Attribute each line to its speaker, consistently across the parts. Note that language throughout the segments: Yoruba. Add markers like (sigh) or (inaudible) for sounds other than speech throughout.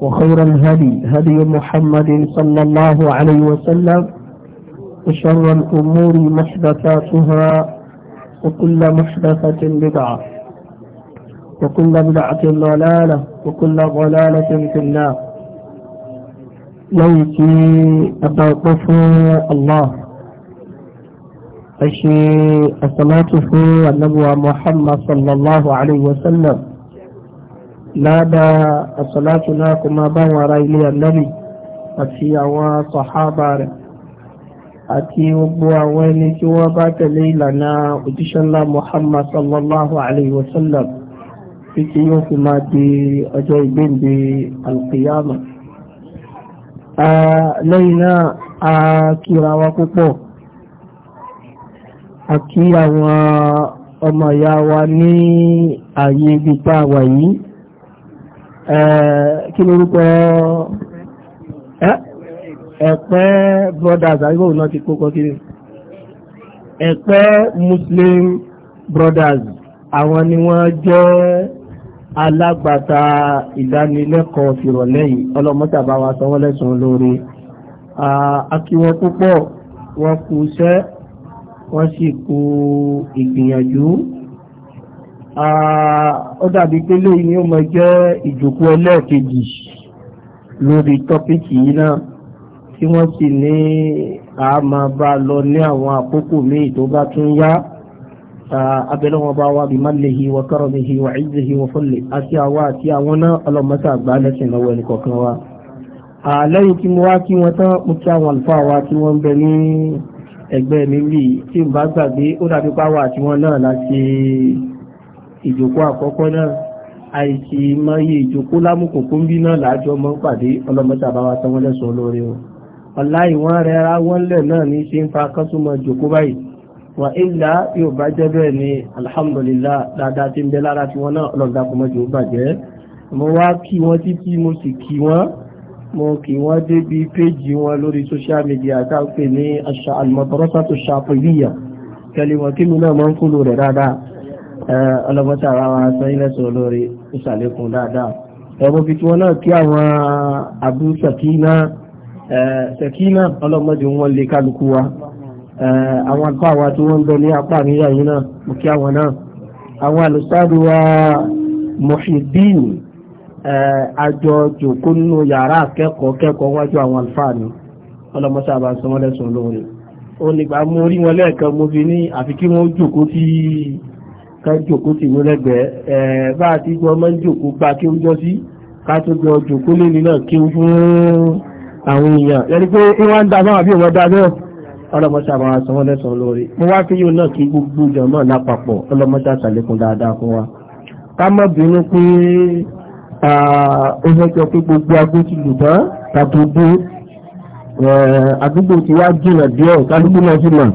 Speaker 1: وخير الهدي هدي محمد صلى الله عليه وسلم وشر الأمور محدثاتها وكل محدثة بدعة وكل بدعة ضلالة وكل ضلالة في النار ليتي أتوقف الله أشي الصلاة النبوة محمد صلى الله عليه وسلم ládàá àsọ̀látù náà kó máa bá àwọn ará ilé ànábì àti àwọn sàhábà rẹ̀ àti gbogbo àwọn ẹni tí wọ́n bá tẹ̀lé ìlànà òjíṣẹ́ ńlá Muhammad sallallahu alayhi wa sallam títí yóò fi máa di ọjọ́ ìgbéǹde alqiyama. lẹ́yìn náà a kíra wa púpọ̀ a kí àwọn ọmọ ìyá wa ní ààyè ibi tá a wà yìí kí ni orúkọ ẹ̀pẹ́ brothers àríwọ̀ náà ti kókọ kí ẹ̀pẹ́ muslim brothers àwọn ni wọ́n jẹ́ alágbàtà ìdánilẹ́kọ̀ọ́ fìrọ̀lẹ́ yìí ọlọ́mọ́tàbá wa sanwó lẹ́sùn lórí akíwọ́n púpọ̀ wọ́n kú iṣẹ́ wọ́n sì kú ìgbìyànjú ó dàbí pé lẹ́yìn ni ó mọ jẹ́ ìjòkó ẹlẹ́ẹ̀kejì lórí tọ́pìkì yìí náà tí wọ́n sì ní a máa bá lọ ní àwọn àkókò míì tó bá tún yá abẹ́lẹ́ wọn bá wá bí málehi wa karamihi wa izzihi wa fọ́lẹ̀ àti àwa àti àwọn náà ọlọ́mọta àgbà lẹ́sìn lọ́wọ́ ẹnì kọ̀ọ̀kan wa. lẹ́yìn tí mo wá kí wọ́n tán mo kí àwọn àlùfáà wa tí wọ́n ń bẹ ní ẹgbẹ́ mi rí tí n bá gbàgbé ó dàbí pé àti wọn náà láti ìjòkó àkọ́kọ́ náà àìsí mọ́yé ìjòkó lámùkòkó ń bí náà láàjọ mọ́ pàdé ọlọ́mọta bá wa san wọ́n lẹ́sùn olóore o ọ̀la ìwọ̀n rẹ̀ ra wọ́n lẹ̀ náà ní ṣe ń fa kọ́sùmọ̀ ìjòkó báyìí wà ilà yóò bá jẹ́ bẹ́ẹ̀ ni alhamdulillah dáadáa ti ń bẹ lára tiwọn náà ọlọ́dà kò mọ́jọ bàjẹ́ mo wá kí wọ́n títí mo sì kí wọ́n mo kí wọ́n débi péjì wọn lórí social media tá a pè ní àṣà àlùmọ̀tọ́rọ́sà tó ṣàpèlíyà kẹlẹ́wọ̀n kí mi náà máa ń fúlò rẹ̀ dáadáa ọlọ́mọta ara wa sọ ilẹ̀sọ̀ olóore ìsàlẹ̀kùn dáadáa ẹ̀wọ́n fi tí náà kí àwọn àbú sẹ̀kínà sẹ̀kínà ọlọ́mọdé wọn lè kálukú wa àwọn apá wa tí wọ́n ń bẹ ní apá àríyá yìí náà mo kí àwọn náà àwọn alùsáàdù wa Muhyiddin àjọ jòkó nínú yàrá akẹ́kọ̀ọ́ kẹ́kọ̀ọ́ wájú àwọn àlùfáà ni ọlọ́mọta àbá sọmọlẹ́sọ̀ olóore ó nígbà mo rí wọn lẹ́ẹ̀kan mo fi ní àfi kí wọ́n jòkó kan jòkó tì mú lẹ́gbẹ̀ẹ́ ẹ̀ bá a ti gbọ́ ọmọ ń jòkó gba kí ó jọ sí ká tó gbọ́ jòkó lẹ́ni náà kí ó fún àwọn èèyàn yẹni pé ìwọ́n ń da náà àbí ìwọ́n da náà ọlọ́mọṣà àwọn àsanwó lẹ́sàn-án mo wá fi yóò náà kí gbogbo jọmọ́ lápapọ̀ ọlọ́mọṣà ṣàlékún dáadáa fún wa ká má bínú pé ó fẹ́ jọ pé gbogbo agbó ti lù tán ká tó dé àdúgbò tí wá jìnà díẹ̀ ká dúgbò náà sì mọ̀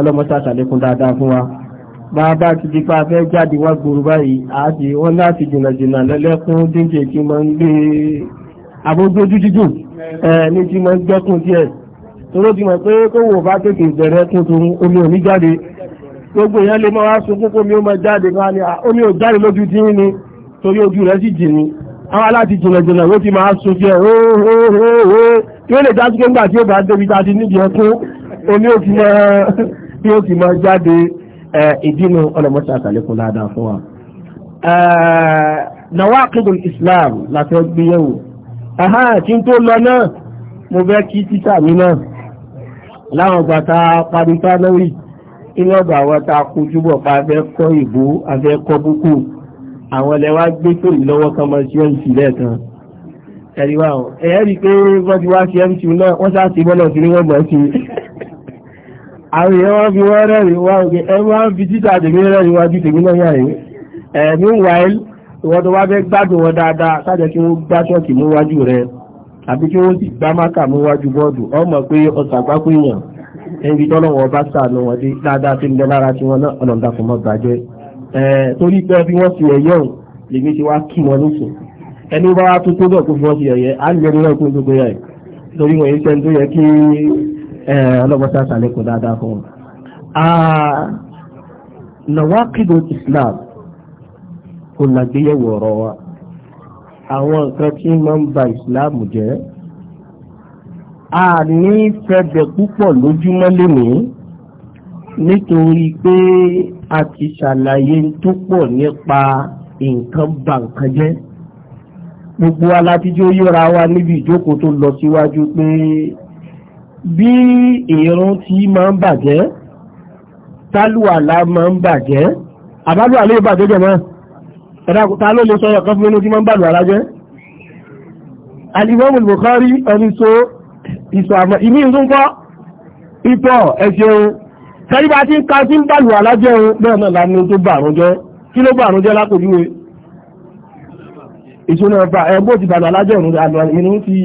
Speaker 1: ọlọ́mọṣà ṣàlékún dáadáa fún wa bàbá ti di pa fẹ́ jáde wá gbòòrò báyìí àti wọ́n láti jìnnàjìnnà lẹ́lẹ́kún díje tí máa ń gbé àbójójú jíjù ní tí máa ń gbẹ́kùn díẹ̀ toró ti mọ̀ pé kówó bá tètè bẹ̀rẹ̀ tuntun omi ò ní jáde gbogbo èèyàn lè máa wá sunkún kómi ó máa jáde máa ní omi ò jáde lójú tí ń ni torí ojú rẹ̀ sì jì ní àwọn aláti jìnnàjìnnà ló ti máa sun jẹ́ ooo yóò lè dá pé ńgbà tí ó bá débi tá a ti níbi ẹkún omi ó ti máa (laughs) jáde ìdínú ọlọmọṣẹ àtàlẹkùn dáadáa fún wa. nawaqidul islam la fẹ́ gbé yẹ̀wò kí n tó lọ náà mo fẹ́ kí títà mi náà láwọn ọgbà tá a parí pánórì inú ọgbà àwọn tá a kojú bọ̀ pa afẹ́ kọ́ ìbò afẹ́ kọ́ búkú àwọn ilẹ̀ wa gbé pèrè lọ́wọ́ kan mọ́ sí ẹ̀ǹtì lẹ́ẹ̀kan ẹ̀rí wa ẹ̀yẹ́ rí i pé wọ́n ti wá sí ẹ̀ǹtì náà wọ́n sá sí bọ́lọ̀ sí ni wọ́n mọ̀ sí i àwọn èèyàn wọ́n fi wọ́n rẹ́rìn wá òkè ẹni wọ́n fi títà tèmi rẹ́rìn wájú tèmi náà yà rẹ̀ ẹ̀ meanwhile ìwọ́n tó wá fẹ́ gbádùn wọn dáadáa sájẹ́ kí wọ́n gbá ṣọ́ọ̀kì mú wájú rẹ̀ àbí kí wọ́n sì gbá mákà mú wájú bọ́ọ̀dù ọmọ pé ọ̀sàgbákú èèyàn ẹni tọ́lọ́wọ́ bá sàánú wọn dé dáadáa tí ń bẹ lára tí wọn náà ọ̀nà ìdàfọ̀ mọ́ bàjẹ́ torí pé bí wọ́n sì ẹ̀yẹ́ ò lèmi ti wá kí wọn lóṣù ẹni bá wá tó tó bọ̀ kó fi wọ́n sì ẹ̀yẹ́ á lè rí ẹ̀kún tó gbé yà torí wọ́n yẹ ọlọ́mọta eh, sàlékò dáadáa fún wọn. Ah, nàwákìdò Islam kò nàgbéyẹ̀wò ọ̀rọ̀ wa àwọn nǹkan tí wọ́n ń ba Islam jẹ́ a ní fẹ́bẹ̀ púpọ̀ lójúmọ́ lénìí nítorí pé a ti ṣàlàyé tó pọ̀ nípa nǹkan ba nǹkan jẹ́ gbogbo alátijọ́ yóra wa níbi ìjókòó tó lọ síwájú pé bí ìrun tí máa ń bàjẹ́ tálùwàlá máa ń bàjẹ́ àbálùwà lè bàjẹ́ jẹ́ máa ẹ̀dàkùta ló lè sọ́yọ̀ kan fún inú tí máa ń bàlùwà lájẹ́ Al-Imam Al-Bukhari ọdún tó ìsọ àmọ́ ìní ìrúnkọ́ ìtọ̀ ẹ̀ṣẹ̀un kẹ́ríbá tí ń ka sí ń bàlùwà lájẹ́ òun ẹ̀bọ́ ti bàlùwà lájẹ́ òun àlùwà ìrún ti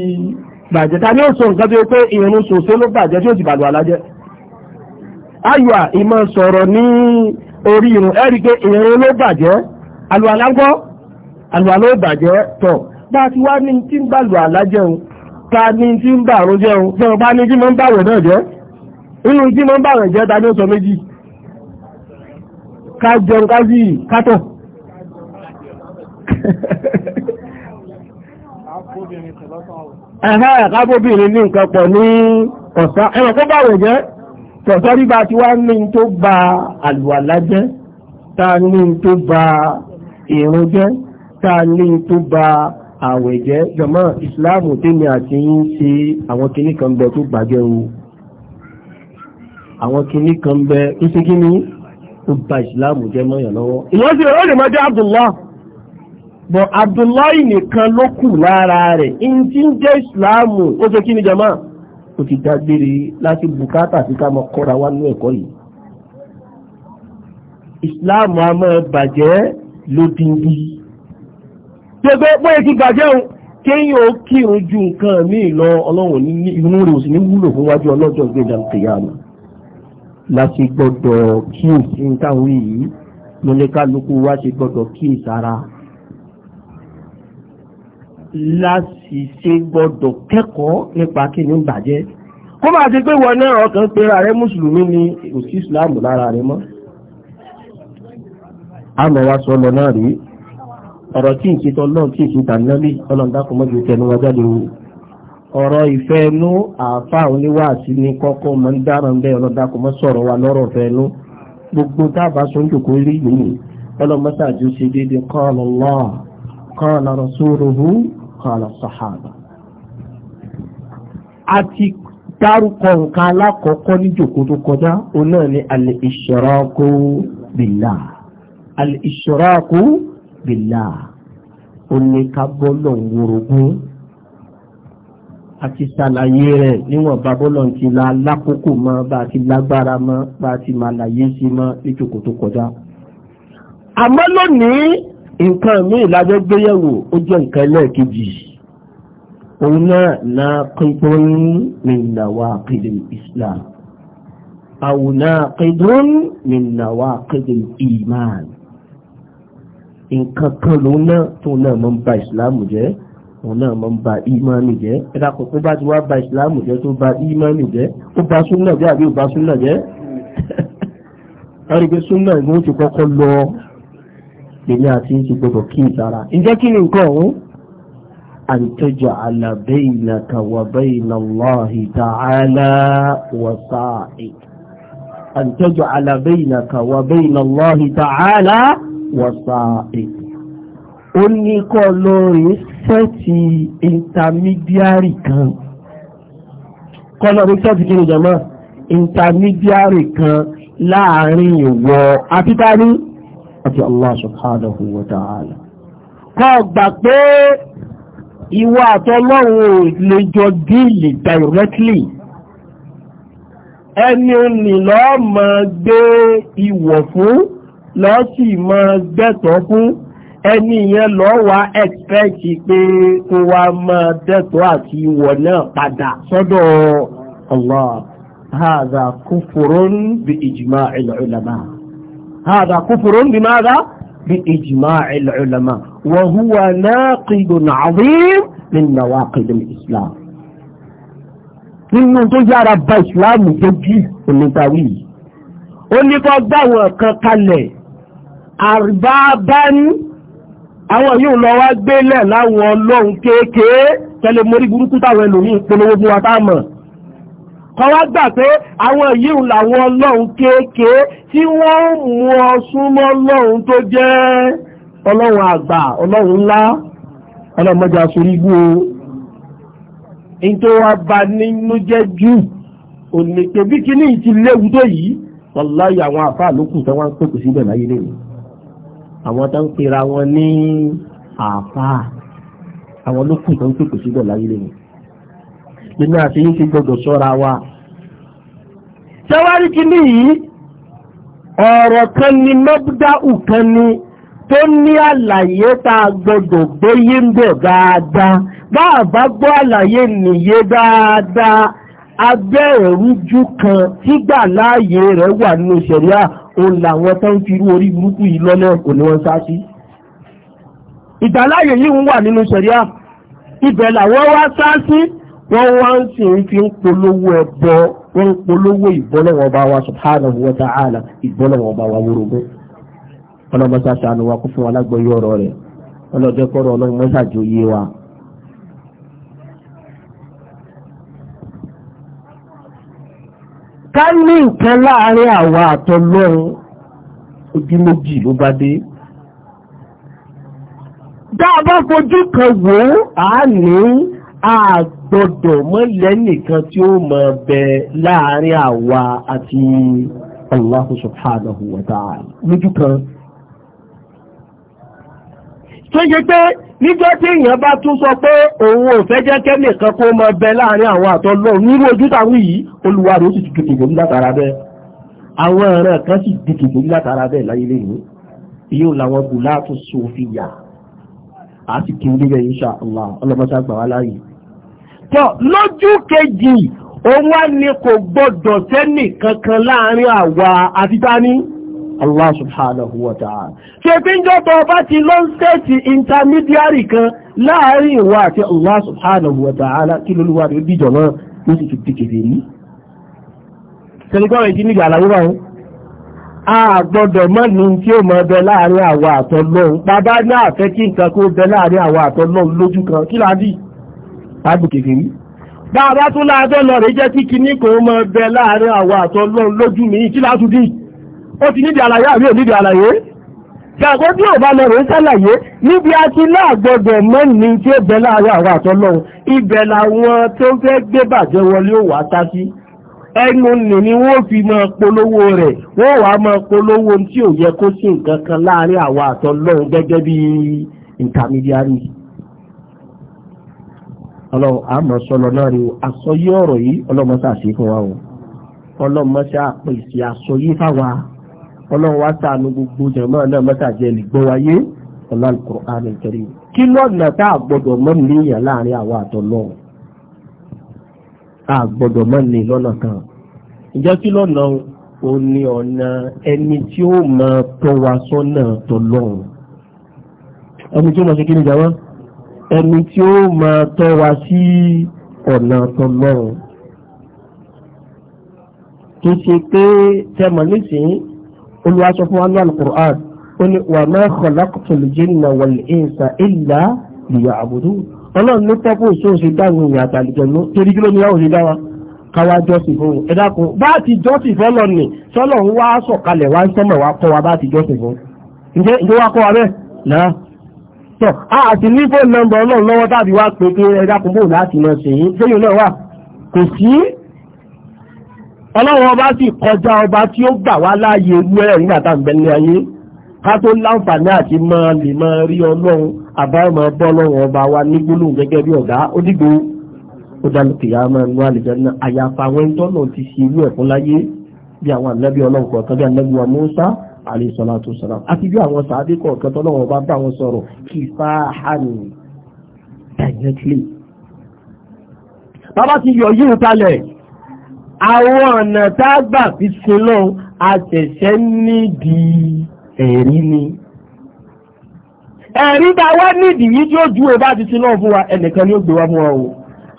Speaker 1: bàjẹ́ ta ni ó sọ nǹkan pé ìrún sòsó ló bàjẹ́ tí ó sì bàlù alájẹ́ ayọ̀ ìmọ̀ sọ̀rọ̀ ní orí ìrùn ẹ̀rí pé ló bàjẹ́ àlùwàlá ńkọ́ bàjẹ́ tọ̀ bá ti wá ní tí ń bàlù ni tí ń bàrún bá ní tí ń bàwẹ̀ náà jẹ́ inú tí ń bàwẹ̀ jẹ́ ẹ̀hẹ́ ẹ̀kábóbìnrin ní nǹkan pọ̀ ní ọ̀sán ẹ̀rọ kó bàwẹ̀ jẹ́ tọ̀sọ́ rí bá ti wá ní tó ba àlùwàlá jẹ́ ta ní tó ba ìrun jẹ́ ta ní tó ba àwẹ̀ jẹ́ jọmọ́ ìsìláàmù tèmi àti yín ṣe àwọn kinní kan bẹ tó bàjẹ́ o àwọn kinní kan bẹ tó ṣe kí ni ó ba ìsìláàmù jẹ́ mọ́yàn lọ́wọ́ ìyọ́sí ọ̀rọ̀ lè bọ̀ Abdullahi nìkan ló kù lára rẹ̀ in tí ń jẹ́ ìsìláàmù ó fẹ́ kí ni jama ó ti dágbére láti bùkátà sí ká mọ kọ́ra wá ní ẹ̀kọ́ yìí ìsìláàmù a máa bàjẹ́ lódindi gbogbo pé ti bàjẹ́ òun kéèyàn ó kírun ju nǹkan míì lọ ọlọ́run ní inú rẹ̀ ò sì ní wúlò fún wájú ọlọ́jọ́ ìgbéga kìyàmù láti gbọ́dọ̀ kíyèsí nǹkan wí yìí lóníkálukú wá ti gbọ́dọ̀ kíyèsára láṣìṣe gbọdọ̀ kẹ́kọ̀ọ́ nípa kí ni ń bàjẹ́ kó máa ti pé wọn náà ọkàn pera rẹ mùsùlùmí ni kò sí ìsìláàmù lára rẹ mọ́ àmọ́ wa sọ lọ náà rí ọ̀rọ̀ tí ìṣe tọ́lọ́ tí ìṣe tànálì ọlọ́ndàkùn mọ́jú tẹnu wa jáde wò ọ̀rọ̀ ìfẹ́ ẹnu àáfà oníwàásí ni kọ́kọ́ mọ́ ń dáràn bẹ́ẹ̀ ọlọ́ndàkùn mọ́ sọ̀rọ̀ wa lọ́rọ̀ fẹ́ ẹnu gbogbo táàbà sọ́njòkó rí yìí ọlọ́mọ́sàájú ṣe déédéé qala Allah qala rasuluhu قال الصحابة àti dárúkọ nǹkan alákọ̀ọ́kọ́ ní jòkó tó kọjá o náà ni al-ishraku billah al-ishraku billah o ní ká bọ́lọ̀ ń worogún àti ṣàlàyé rẹ̀ níwọ̀n bá bọ́lọ̀ ti la lákòókò mọ́ bá ti lágbára mọ́ bá ti máa làyé sí mọ́ ní jòkó tó kọjá àmọ́ lónìí nǹkan míì lájọ́ gbéyẹ̀wò ó jẹ́ nǹkan ẹlẹ́ẹ̀kejì òun náà na qidun min nawaqid al-islam aw naqidun min nawaqid al-iman nǹkan kan lòun náà tó náà máa ń ba ìsìláàmù jẹ́ òun náà máa ń ba ìmánì jẹ́ ẹ̀dá kò tó bá ti wá ba ìsìláàmù jẹ́ tó ba ìmánì jẹ́ ó ba súnà jẹ́ àbí ó ba súnà jẹ́ ẹ̀rí (laughs) pé súnà ìgbóhùn ti kọ́kọ́ lọ lèmi àti ti gbọdọ̀ kí ìtara ǹjẹ́ kí ni nǹkan ọ̀hún àǹtẹ̀jọ àlàbẹ́ ìnàkà wàbẹ́ ìnàláhì tààlà wàsáì àǹtẹ̀jọ àlàbẹ́ ìnàkà wàbẹ́ ìnàláhì tààlà wàsáì ó ní kọ́ lórí sẹ́ẹ̀tì intermediary kan kọ́ lórí sẹ́ẹ̀tì kí ni jẹ́mọ́ intermediary kan láàrin ìwọ àti tani àti Allah subhanahu wa ta'ala kọ́ gbà pé ìwọ àtọ́lọ́run lè jọ díìlì directly ẹni òní lọ́ máa gbé ìwọ̀ fún lọ́ sì máa gbẹ̀tọ̀ fún ẹni yẹn lọ́ wá expect pé kó wá máa dẹ̀tọ̀ àti ìwọ̀ náà padà sọ́dọ̀ Allah hadha kufurun bi ijma'il ulama. هذا كفر بماذا بإجماع العلماء وهو ناقض عظيم من نواقض الإسلام nínú tó yára bá ìsìláàmù dojú onítàwí yìí ó ní kọ́ dáwọn kan kalẹ̀ àrùbábán àwọn yóò lọ wá gbélẹ̀ láwọn ọlọ́run kéékèé tẹlẹmọ́rí burúkú táwọn ẹlòmíín polówó fún wa táàmù kọwá gbà pé àwọn yíò làwọn ọlọ́run kéèkéé tí wọ́n ń mú ọ súnmọ́ ọlọ́run tó jẹ́ ọlọ́run àgbà ọlọ́run ńlá ọlọ́mọdé asorí gbú o èyí tó wá ba nínú jẹ́ jù òní pé bí kíní ti léwu tó yìí wàláyé àwọn àfáà lókù tó wọ́n pèpè síbẹ̀ láyé lẹ́yìn àwọn tó ń pera wọn ní àfáà àwọn lókù tó ń pèpè síbẹ̀ láyé lẹ́yìn èmi àti yín ti gbọdọ̀ sọ́ra wa. sẹ́wárí kìíní yìí ọ̀rọ̀ kan ni mọ́búdáù kan ni tó ní àlàyé ta gbogbo gbọdọ̀ gbéyé ń bẹ̀ dáadáa bá bá gbọ́ àlàyé nìyé dáadáa abẹ́ ẹ̀rújú kan tígbà láàyè rẹ̀ wà nínú ṣẹ̀ríà òun làwọn tó ń fi irú orí burúkú yìí ní wọ́n sá sí. ìgbàláyè yìí ń wà nínú ibẹ̀ làwọn wá sá sí. wọ́n wá ń sì fi ń polówó ẹbọ wọ́n ń polówó ìbọ́lọ́wọ́ bá wa subhanahu wa ta'ala ìbọ́lọ́wọ́ bá wa wúrogún ọlọ́mọsá sànù kó fún wa lágbọ́yé ọ̀rọ̀ rẹ̀ ọlọ́jẹ́ kọ́rọ̀ ọlọ́mọsá jò yé wa. ká ní nǹkan láàárín àwa ojú méjì ló bá fojú kan wò ní gbọ́dọ̀ mọ́ lẹ́nìkan tí ó mọ̀ bẹ láàrin àwa àti Allah subhanahu wa ta'ala lójú kan tó ṣe pé níjọ́ tí èèyàn bá tún sọ pé òun ò fẹ́ jẹ́ kẹ́mì kan kó mọ bẹ láàrin àwọn àtọ́lọ́ nírú ojú tàwọn yìí olùwà rẹ̀ ó sì dìkì ìgbòmí látara bẹ́ẹ̀ àwọn ẹ̀ràn kan sì dìkì ìgbòmí látara bẹ́ẹ̀ láyé lẹ́yìn yóò làwọn kù láàtún sófin yà á sì kí n lé bẹ́ẹ̀ insha Allah ọlọ́mọṣá gbà wá láàyè tọ́ lójú kejì òun wá ní kò gbọ́dọ̀ sẹ́nì kankan láàrin àwa àtitání Allah subhanahu wa ta'ala ṣe fi ń jọba ọba ti lọ sẹ́ẹ̀tì intermediary kan láàrin ìwà àti Allah subhanahu wa ta'ala kí lóluwà rẹ̀ bíjọ náà ó sì fi dìkèdè rí tẹlifọ́rẹ̀ ìdí nígbà àlàyé báyìí a gbọ́dọ̀ mọ́ ní tí ó mọ́ bẹ láàrin àwa àtọ́lọ́hun bàbá náà fẹ́ kí nǹkan kó bẹ láàrin àwa àtọ́lọ́hun lójú kan kí láàdì àbù kékeré bá a bá tún láàbẹ̀ lọ rẹ̀ jẹ́ kí kinní kò mọ bẹ láàrin àwọn àtọ́ lọ́run lójú mi kí láti dì ó ti nídìí àlàyé àbí ò nídìí àlàyé ṣàkó tí ò bá lọ rẹ̀ sàlàyé níbi a ti láàgbọ̀dọ̀ mọ́ni tí ó bẹ láàrin àwọn àtọ́ lọ́run ibẹ̀ làwọn tó fẹ́ gbé bàjẹ́ wọlé ò wá tá ni wọ́n fi máa polówó rẹ̀ wọ́n wàá máa polówó tí ò yẹ kó sí nǹkan kan láàrin àwọn àtọ́ lọ́run gẹ́gẹ́ bí intermediary ọlọ́run àmọ́ sọlọ náà rí o àsọyé ọ̀rọ̀ yìí ọlọ́mọ sàṣe fún wa o ọlọ́mọ ṣe àpèsè àsọyé fáwa ọlọ́run wá sànù gbogbo jẹ̀mọ́ náà mọ́tàjẹ́ lìgbọ́ wáyé Al-Qur'an al-Karim kí lọ́nà tá a gbọ́dọ̀ mọ́ níyàn láàrin àwa àtọ̀lọ́ a gbọ́dọ̀ mọ́ ní lọ́nà kan ìjọ kí lọ́nà o ní ọ̀nà ẹni tí ó mọ tọwa sọ́nà tọlọ́run ẹni ẹni tí ó máa tọ́ wa sí ọ̀nà tọ́lọ́run kì ṣe pé tẹmọ nísìnyí Olúwa fún wa ní Al-Qur'an ó ní wa ma khalaqtul jinna wal insa illa liya'budun ọlọ́run ló tọ́ fún òṣèlú ṣe dáhùn ìyá àtàlùjọ ló torí kí ló ní àwọn òṣèlú káwá jọ́sìn fún un ẹ dákun bá ti jọ́sìn fún ọlọ́run ni sọlọ́run wá sọ̀kalẹ̀ wá ń sọ́mọ̀ wá kọ́ wa bá ti jọ́sìn fún un ǹjẹ́ ǹjẹ́ wá kọ́ wa bẹ́ẹ̀ náà tọ́ a sì ní fóònù nọ́mbà ọlọ́run lọ́wọ́ tàbí wá pé pé ẹ dákun bò láti mọ̀ sí yín sẹ́yìn náà wà kò sí ọlọ́run ọba sì kọjá ọba tí ó gbà wá láàyè ewu ẹ̀ nígbà tá à ń bẹ́ni ayé ká tó láǹfààní àti máa lè máa rí ọlọ́run àbáyọ̀mọ̀ bọ́ ọlọ́run ọba wa ní gbólóhùn gẹ́gẹ́ bí ọ̀gá ó dìgbò ó dánú kìyà máa ń wá àlejò náà àyàfà àwọn ẹni tọ́nà ti ṣe irú ẹ̀kún láyé bí àwọn ànábì ọlọ́run kọ̀ọ̀kan bí ànábì wa Mùsá alayhi salatu wassalam àti bí àwọn sàádé kọ̀ọ̀kan tọ́lọ́wọ́ bá bá wọn sọ̀rọ̀ kì fáhàn directly. bàbá ti yọ yíò kalẹ̀ àwọn ọ̀nà tá a gbà fi sin náà a ṣẹ̀ṣẹ̀ nídìí ẹ̀rí ni. ẹ̀rí tá a wá nídìí yìí tí ó ju ọba ti sin náà fún wa ẹnìkan ni ó gbé wá fún wa o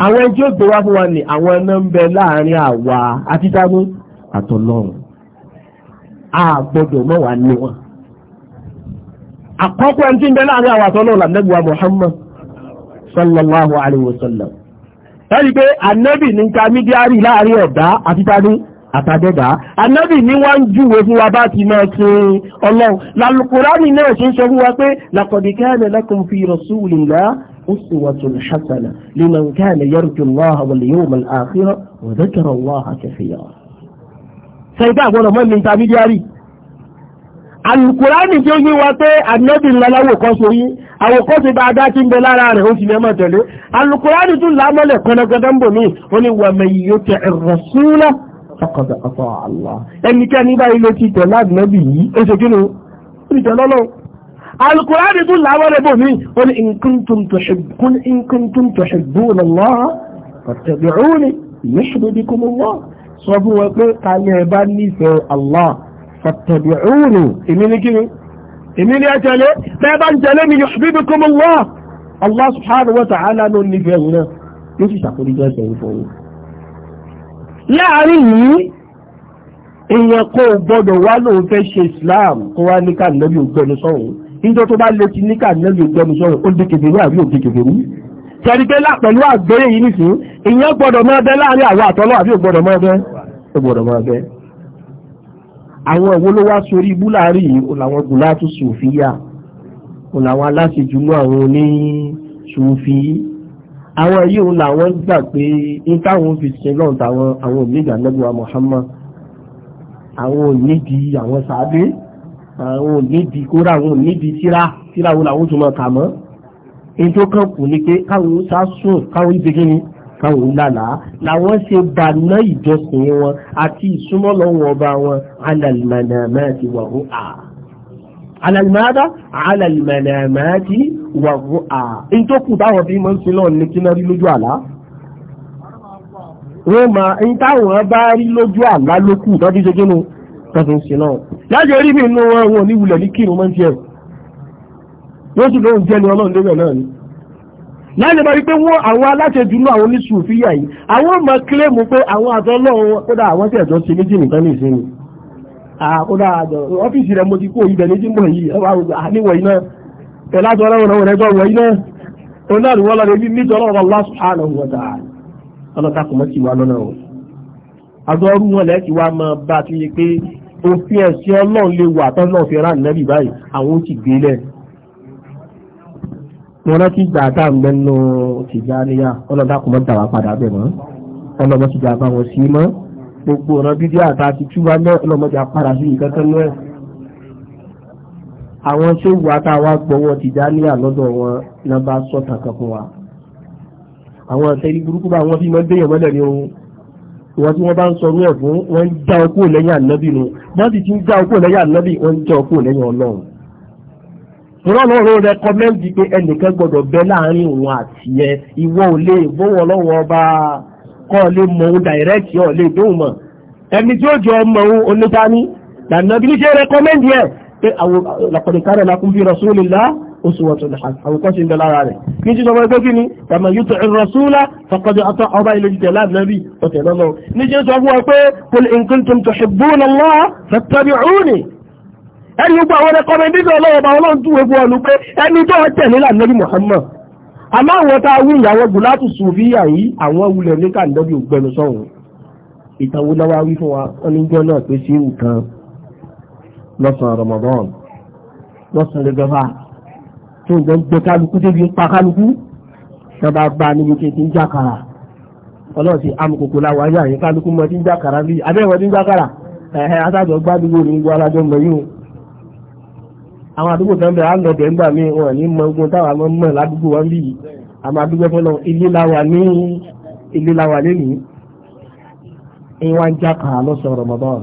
Speaker 1: àwọn ẹjọ́ gbé wá fún wa ni àwọn ẹ̀nà ń bẹ láàrin àwa àti dáná àtọ̀lọ́run a gbọ́dọ̀ mọ́ wà ní wọn. àkọ́kọ́ ẹni tí ń bẹ láàrin àwọn àtọ́nà lànàbí wa Muhammad sallallahu alayhi wa sallam. ẹni pé anabi ní ká mídíárì láàrin ẹ̀dá àti tani àtàdẹ́dà anábì ní wá ń júwe fún wa bá ti máa ṣe ọlọ́run lálùkùránì náà ṣe sọ fún wa pé laqad kana lakum fi rasulillahi uswatun hasana liman kana yarju Allaha wal yawmal akhira wa dhakara Allaha kathira sẹ́ńtà àgbọ̀nà mọ́ intermediary alùkùránì tí ó yí wa pé ànẹ́bì ńlọ́láwò kan so yí àwòkọ́ ti bá adá tí ń bẹ lára rẹ̀ ó fi mẹ́mọ̀ tẹ̀lé alùkùránì tún lámọ́lẹ̀ kọ́nàgọ́dọ́ ń bò mí ó ní wà mẹ́yì yóò tẹ rasula faqad ata Allah ẹnikẹ́ni bá ilé ti tẹ̀ láàbìnẹ́bì yìí ó ṣe kínú ó sọ fún wọn pé ta ni ẹ bá nífẹ̀ẹ́ Allah fattabi'uni èmi ní kíni èmi ní ẹtẹ̀lé bẹ́ẹ̀ bá ń tẹ̀lé mi yuhbibkumullah Allah subhanahu wa ta'ala ló nífẹ̀ẹ́ òun náà yóò sì ṣàkóríjọ́ ẹ̀sẹ̀ yìí fún yín. láàárín yìí èèyàn kò gbọdọ̀ wá lóun fẹ́ ṣe Islam kó wá ní kànáàbì ògbẹ́ni sọ̀rọ̀ níjọ́ tó bá lè ti ní kànáàbì ògbẹ́ni sọ̀rọ̀ ó jẹ́rí pé pẹ̀lú àgbéyé yìí nìsín ìyẹn gbọ́dọ̀ máa bẹ láàrin àwọn àtọ́lọ́ àbí ògbọ́dọ̀ máa bẹ ògbọ́dọ̀ máa bẹ. àwọn ìwo ló wá sórí ibú láàrin yìí làwọn gùlátù sùfíyà làwọn aláṣejùmọ́ àwọn oní sùfí àwọn yìí òun làwọn gbà pé ní táwọn fi sin lọ́n táwọn àwọn òmìnira nẹ́gbẹ̀wá Muhammad àwọn onídìí àwọn sàábé àwọn onídìí kóra àwọn onídìí tíra tíra wo làwọn tó máa kà mọ́ in tó kàn kù ni pé káwọn sásùn káwọn ìbékíní káwọn lálàá làwọn ṣe bàná ìjọsìn wọn àti ìsúnmọ́ lọ́wọ́ ọba wọn alàlùmọ̀nàmọ́tì wà ó à alàlùmọ́dá alàlùmọ̀nàmọ́tì wà ó à in tó kù táwọn fi mọ́ sí náà ní kí náà rí lójú àlá wọ́n ma ń táwọn bá rí lójú àlá lókù lọ́dún ṣe gínú tọ́tún sí náà láti orí mi nú wọn wọn ní wulẹ̀ ní kírun mọ́ ń tiẹ̀ yóò sì lóun jẹ́ ni ọlọ́run lébẹ̀ náà ni láti bá rí pé wọ́n àwọn aláṣẹ jùlọ àwọn oníṣùfíyà yìí àwọn ọmọ kílẹ̀mù pé àwọn àjọ ọlọ́run kódà àwọn tí ẹ̀jọ́ ṣe méjì nìkan ní ìsinmi àkódà àjọ ọ́fíìsì rẹ̀ mo ti kó ibẹ̀ méjì mọ̀ yìí níwọ̀ iná pẹ̀lájọ ọlọ́run ọ̀rẹ́ jọ wọ̀ iná onáàlùwọ́ mo rántí ìgbà tá à ń bẹ nínú Tìjàníyà ọlọ́dà kò mọ́ dà wá padà bẹ̀ mọ́ ọlọ́mọ ti jà báwọn sí mọ́ gbogbo ọ̀nà bíbí àtà ti túbá náà ọlọ́mọ jà padà sí ìkankan náà àwọn tí ó wà tá a wá gbọ́wọ́ Tìjàníyà lọ́dọ̀ wọn náà bá sọ̀tàn kan fún wa àwọn àtẹ́rí burúkú bá wọn fi mọ́ déyàn mọ́lẹ̀ ní ohun wọ́n tí wọ́n bá ń sọ rú ẹ̀ fún ń já ọkú lẹ́yìn ànábì nu bọ́ọ̀dì tí ń já ọkú lẹ́yìn ànábì wọ́n ń já ọkú lẹ́yìn ọlọ́run ìrọ̀lọ́rọ̀ rẹkọmẹ́ndì pé ẹnìkan gbọ́dọ̀ bẹ láàrin òun àti ẹ ìwọ ò lè gbówó lọ́wọ́ ọba kọ́ lè mọ ohun dàìrẹ́tì ọ̀ lè dóhùn mọ̀ ẹni tí ó jọ ọmọ ohun onídání lànà bí ṣe rẹkọmẹ́ndì ẹ̀ pé àwòkọ̀dẹ̀kárẹ̀ lakum fi rasulillah uswatun hasanah àwòkọ́ ń bẹ lára rẹ̀ kí n ti sọ fún ẹgbẹ́ kí ni tàmà yutu rasula faqad ata ọba ilé jíjẹ láàbìlẹ́bí ọ̀tẹ̀ lọ́lọ́ ní ṣe sọ fún ọ pé qul in kuntum tuhibbuna Allah fattabi'uni ẹni gbogbo àwọn rẹkọmẹndéṣọ ọlọ́wọ́ bá ọlọ́run tún ewu ọ̀nù pé ẹni tó tẹ̀lé lànàbí Muhammad àmọ́ àwọn tá a wí ìyàwó gùlátù sùfíà yìí àwọn wulẹ̀ ní kàńdọ́bí ògbẹ́nu sọ̀hún ìtàwó náà wá wí fún wa wọn ní jọ náà pé sí ìwù kan lọ́sàn-án Ramadan lọ́sàn-án lẹ́gbẹ̀fà tó ń gbé kálukú débi ń pa kálukú náà bá bá níbi tí ti ń jákàrà ọlọ́run ti amukoko láwa yà yín kálukú mọ́ ti ń jákàrà bí abẹ́wọ̀n ti ń jákàrà ẹ̀hẹ́ asájọ gbádùn àwọn àdúgbò tó ń bẹ̀rẹ̀ àlọ́dẹ̀ ńgbà mi wọn ní mọ ogun táwa mọ́ mọ́ ládùúgbò wọn bí yìí àmọ́ àdúgbò fọlọ́ ilé láwa ní ilé láwa lẹ́nìí ìwà ń jákà lọ́sọ̀ Ramadan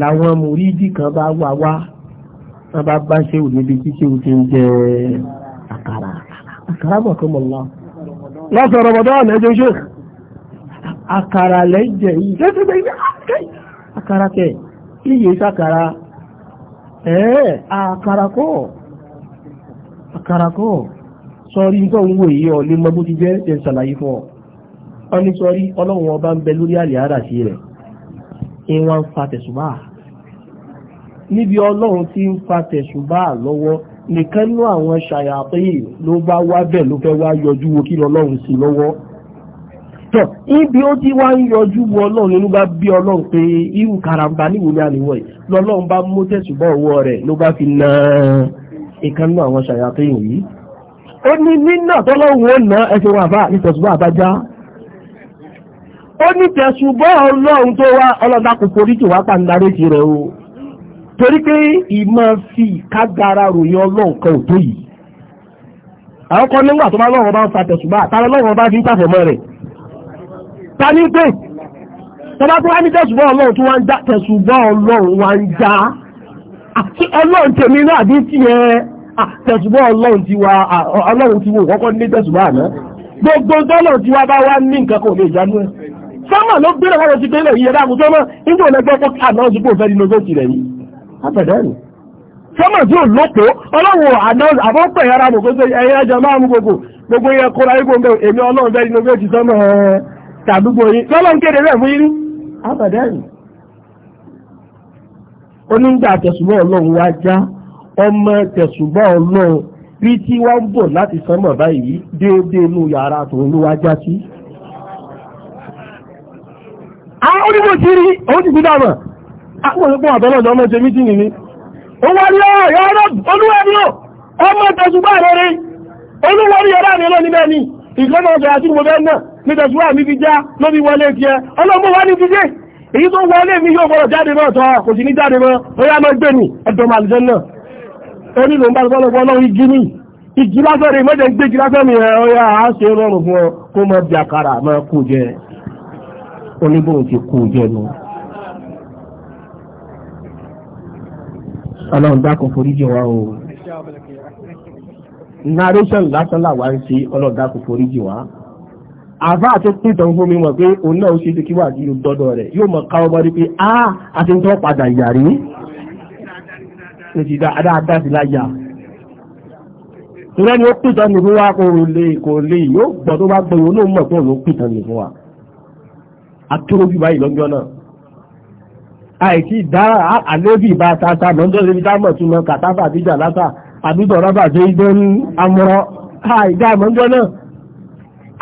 Speaker 1: làwọn mùrídì kan bá wà wá wọn bá bá ṣe òdìdí tí ṣe òdì ń jẹ àkàrà àkàrà bọ̀ kọ́ mọ̀ lọ lọ́sọ̀ Ramadan ẹjọ́ ṣe àkàrà lẹ́jẹ̀ yìí àkàrà kẹ̀ iye sákàrà ẹ̀ẹ́ àkàràkọ́ àkàràkọ́ sọrí nǹkan òun wò yí ọ lè mọ ti jẹ́ jẹ́ ṣàlàyé fún ọ ọ ní ọba ń bẹ lórí àlè rẹ̀ ń fa tẹ̀sùbà níbi ti ń fa tẹ̀sùbà lọ́wọ́ nìkan nú àwọn ló bá wá ló fẹ́ wá yọjú wo kí lọ́lọ́run sí tọ́ ibi ó ti wá ń yọjú wo ọlọ́run bá bí ọlọ́run pé irú karamba níwò ní àníwọ̀ yìí lọ́lọ́run bá mú tẹ̀sùbọ̀ ọwọ́ rẹ̀ ló bá fi na ìkànnú àwọn yìí ó ní nínà tọ́lọ́run ó ẹsẹ̀ wọn àbá ní tẹ̀sùbọ̀ àbájá ó ní ọlọ́run tó wá o torí pé ìmọ̀ fi ròyìn ọlọ́run kan yìí àwọn kan nígbà tó bá ta ní pé tọba tó wá ní tẹ̀sùbọ́ ọlọ́run tó wá ń já tẹ̀sùbọ́ ọlọ́run wá ń já àti ọlọ́run tèmi náà àbí ọlọ́run ọlọ́run ti wò kọ́kọ́ ní gbogbo tọ́lọ́run ti wá bá wá ní nǹkan lè ẹ̀ sọ́mà ló gbé lọ́wọ́ ti yìí ẹ̀dá nígbà náà fẹ́ nínú rẹ̀ yìí sọ́mà tí ara mọ̀ máa tàdúgbò yìí lọ́lọ́ ń rẹ̀ fún yín ní onígbà tẹ̀sùbọ̀ ọlọ́run ọmọ tẹ̀sùbọ̀ ọlọ́run bí tí wọ́n ń bọ̀ láti sánmọ̀ báyìí déédé inú yàrá tòun ló wá já sí. àwọn onímọ̀ ti rí òun ti fi àwọn olùkọ́ àtọ́lọ́dọ̀ ọmọ ṣe ọ̀rọ̀ ọmọ rẹ̀ rí yọ̀rọ̀ àmì nítẹ̀síwà mi fi já ló wọlé ti ẹ ọlọ́mọ wá ní fíjẹ́ èyí tó wọlé mi yóò gbọ́dọ̀ jáde náà tọ́ kò sí ní jáde mọ́ oyá mọ́ gbé ní ẹ̀dọ̀ màlùjẹ́ náà ó nílò ń bá lọ́pọ̀ ọlọ́run igi ní igi lásán rẹ̀ mọ́jẹ̀ gbé igi lásán mi ẹ̀ ọyá á ṣe rọrùn fún ọ o narration lásán làwa ń ṣe ọlọ́run dákun àfáà tó pín ìtàn fún mi mọ̀ pé òun náà ó ṣe ti kíwà nínú dọ́dọ̀ rẹ̀ yóò mọ̀ ká ọmọ pé a àti tó padà yàrí ó ti dáadáa sí láyà ìrẹ́ ni ó pìtàn ní fún wa kò lè kò lè yóò gbọ́ tó bá gbọ́ òun náà mọ̀ pé òun ó pìtàn ní fún wa akérò bí báyìí lọ́jọ́ náà àìsí ìdá àlébì bá tata lọ́jọ́ lórí dámọ̀ túnmọ̀ kàtàfà àbíjà látà àbíbọ̀ rọ́bà tó ń amúrọ̀ àìdá àmọ́jọ́ náà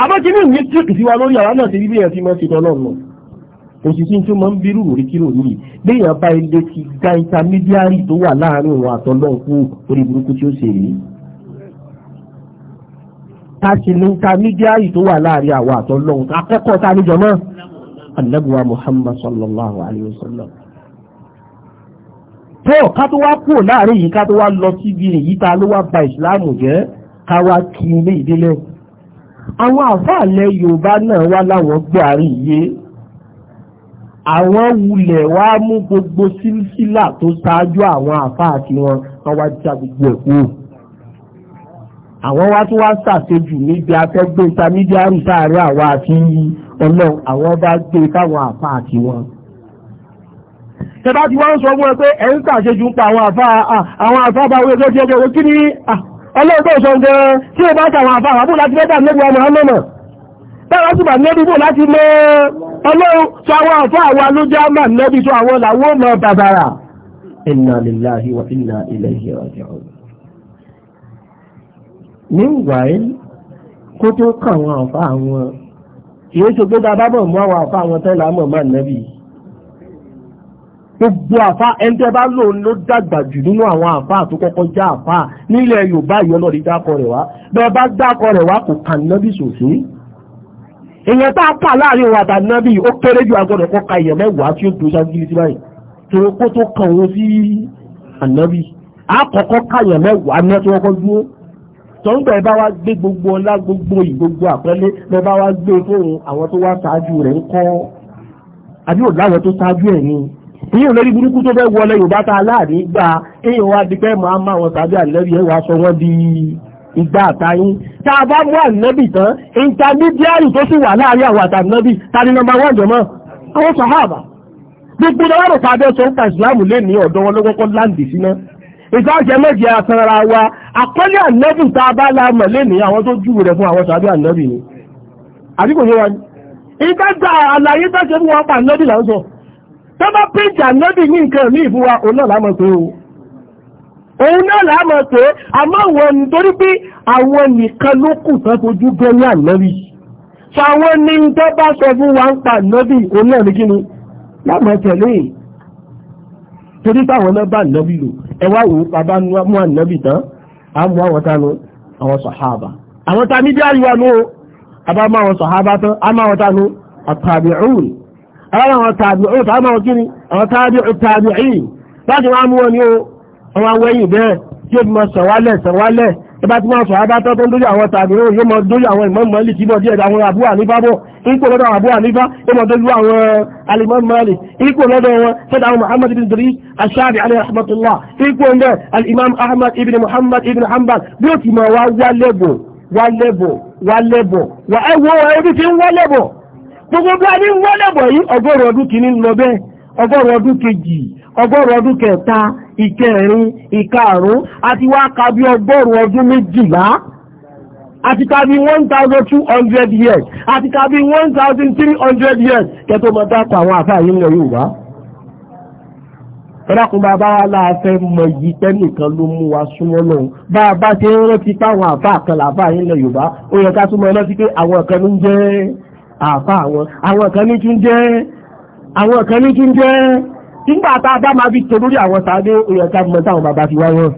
Speaker 1: abájí ní ìwé tíì sí wa lórí àwa náà ti rí bí èèyàn fi máa ṣe tọ́lọ́ nù òṣìṣẹ́ tí ó máa ń bírù rí kírò yìí béèyàn bá ilé ti dá intermediary tó wà láàárín òun àtọ́lọ́ kú orí burúkú tí ó ṣe rí ta sì ní intermediary tó wà láàárín àwọn àtọ́lọ́ akẹ́kọ̀ọ́ ta níjọ náà anabuwa Muhammad sallallahu alayhi wa sallam tó ká tó wá kúrò láàrin yìí ká tó wá lọ síbi èyí ta ló wá ba ìsìláàmù jẹ́ ká wá kí ilé ìdílé àwọn àfáàlẹ̀ Yorùbá náà wá láwọn gbàrí yé àwọn wulẹ̀ wá mú gbogbo sílsílà tó ṣáájú àwọn àfáà tí wọn wọn wá já gbogbo ẹ̀ kúrò àwọn wá tó wá ṣàṣejù níbi afẹ́gbé intermediary sáàárín àwọn àti ọlọ́run àwọn bá gbé fáwọn àfáà wọn tẹ́bá ti wá sọ fún ẹ pé ẹ̀ ń ṣàṣejù pa àwọn àfáà àwọn àfáà bá wọ́n ẹgbẹ́ tí ẹgbẹ́ kí ni ọlọ́ọ̀tọ́ sọ gan tí ó bá tàwọn àfáà bó láti mẹ́ta lẹ́gbẹ̀ẹ́ ọmọ ọmọ tẹ́wọ́n sì bà nẹ́bí bó láti mẹ́ ọlọ́run sọ ló já mà nẹ́bí meanwhile kó tó kàn àwọn àfáà wọn kì í ṣe mọ́ àwọn àfáà wọn tẹ́lá gbogbo àfa ẹnjẹ bá lòun ló dàgbà jù nínú àwọn àfa tó kọ́kọ́ já àfa nílẹ̀ yorùbá yìí ọlọ́ọ̀dì dákọ rẹ̀ wá bẹ́ẹ̀ bá dákọ rẹ̀ wá kò kàn nábì sòfin èèyàn tá a kà láàrin òun àtà nábì ó kéré ju agbọ́dọ̀ kọ́ ka èèyàn mẹ́wàá tí ó tó sáńgírí sí báyìí tó kó tó kàn wọ́n sí ànábì àkọ́kọ́ káyàn mẹ́wàá ní ẹtọ́ ọkọ̀ dúró tọ́ǹgbà ẹ bá wá gbé gbogbo ọlá gbogbo ìgbogbo àpẹẹlẹ ẹ bá wá gbé fóun ni ìyẹn lórí burúkú tó fẹ́ wọlé yorùbá ta aláàrí gbà èèyàn wá di pé máa máa wọn tàbí àlẹ́bí ẹ̀ wá sọ wọ́n di ìgbà àtàyín tá a bá mú ànábì tán intermediary tó sì wà láàrin àwọn àtànábì ta ni nọ́mbà wọn jọmọ àwọn sàhábà gbogbo náà rò pàdé sọ ń ka ìsìláàmù lé ní ọ̀dọ́ wọn lọ́wọ́ kọ́ láǹdì síná ìfáàjẹ méje àsanra wa àkọ́lé ànábì tá a bá la mọ̀ lé ní àwọn tó júwe rẹ̀ fún àwọn tàbí ànábì ni àdínkù yẹn wa ni ìgbàgbà àlàyé bá ṣe fún wọn pa ànábì là ń sọ tó bá pèjì ànọ́bì ní nǹkan ní ìfúwa òun náà lámọ̀ pé o òun náà lámọ̀ pé àmọ́ àwọn nítorí pé àwọn nìkan ló kù tán fojú gan ní ànọ́bì sọ àwọn ní tó bá sọ fún wa ń pa ànọ́bì òun náà ní kíni lámọ̀ tẹ̀lé e. torí táwọn náà bá ànọ́bì lò ẹ wá wò ó mú ànọ́bì tán á mú àwọn tánu àwọn sàhábà àwọn tá bí àríwá nù ó àbá máa wọn sàhábà tán á máa wọn tánu àtàbíùn àwọn àwọn tàbí ó tàbí àwọn kíni àwọn tàbí tàbí ẹ̀yìn láti wá mú wọn ní ọmọ àwọn ẹ̀yìn bẹ́ẹ̀ tí ó fi mọ sọ̀wálẹ̀ sọ̀wálẹ̀ ẹbá tí wọ́n sọ adájọ́ tó ń dójú àwọn tàbí ó yóò mọ dójú àwọn ìmọ̀ọ́mọ́ lè kíbọ̀ díẹ̀ àwọn àbúrò àníbá bọ̀ ipò lọ́dọ̀ àwọn àbúrò àníbá ó mọ dójú àwọn alimọ́ọ́mọ́ lè ipò lọ́dọ̀ wọn sẹ́dá àwọn muhammad ibn idris aṣáàbì alayhi rahmatullah ipò ń gbogbo bí a ní wọ́lẹ̀bọ̀ yìí ọgọ́rùn ọdún kìíní lọ bẹ́ẹ̀ ọgọ́rùn ọdún kejì ọgọ́rùn ọdún kẹta ìkẹrin ìkarùn àti wá ka bí ọgọ́rùn ọdún méjìlá àti ka bí one thousand two hundred years àti ka bí one thousand three hundred years kẹtó máa dákọ̀ àwọn àfáà yìí ń lọ Yorùbá ẹ̀dàkùn bá bá wá láàfẹ́ mọ yìí tẹ́nìkan ló mú wa súnmọ́ lọ́hùn bá a bá ṣe ń rántí pé àwọn àfáà kan làbá yín lẹ Yorùbá ó yẹ ká súnmọ́ ẹ lọ́sí pé àwọn kan ń jẹ́ àfá àwọn àwọn kan ní tún jẹ́ àwọn kan ní tún jẹ́ nígbà tá a dá máa fi tolórí àwọn sáré òyẹ̀ká mọ́ táwọn bàbá ti wá wọn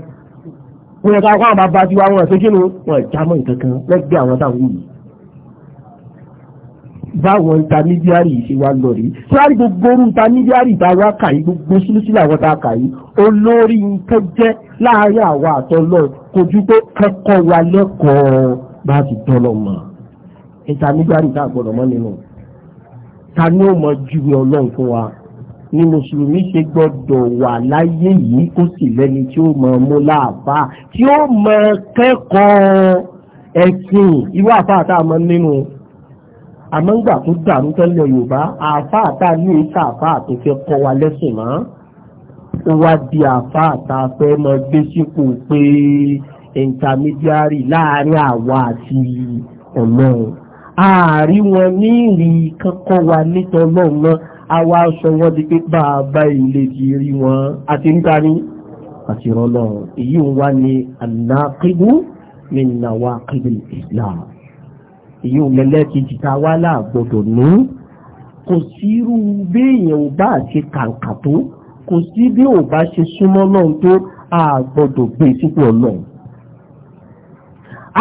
Speaker 1: òyẹ̀ká àwọn bàbá ti wá wọn ṣékínú wọn ìjà mọ́ ìkankan lẹ́gbẹ̀ẹ́ àwọn táwọn yìí báwọn intermediary ṣe wá lọ rí sáré gbogbo orú intermediary tá a wá kà yìí gbogbo sílùsílù àwọn tá a kà yìí olórí nǹkan jẹ́ láàárín àwọn àtọ́lọ́ kojú pé kẹ́kọ̀ọ́ wa lẹ́kọ̀ọ́ bá ti tọ́lọ́ mọ́ intermediary tá a gbọ́dọ̀ mọ́ nínú ta ni ó mọ júwe ọlọ́run fún wa ni mùsùlùmí ṣe gbọ́dọ̀ wà láyé yìí kó sì lẹ́ni tí ó mọ mú láàbá tí ó mọ kẹ́kọ̀ọ́ ẹ̀sìn irú àfáà tá a mọ nínú àmọ́ ńgbà tó dàrú tẹ́lẹ̀ yorùbá àfáà tá ní ìta àfáà tó fẹ́ kọ́ wa lẹ́sìn mọ́ ó wá di àfáà tá fẹ́ mọ gbé sípò pé intermediary láàárín àwa àti ọlọ́run ààrí wọn ní ìrì kankan wa nítọ́lọ́ mọ́ àwa aṣọ wọn di pé bàbá ilé di rí wọn àti níta ní àti rọlọ́ èyí ń wá ní anákíbú min nawaqidil Islam èyí ń lẹ́lẹ́kejì tá a wá láàgbọ́dọ̀ ní kò sí irú béèyàn ò bá ṣe kàǹkà tó kò sí bí ò bá ṣe súnmọ́ náà tó a gbé sípò náà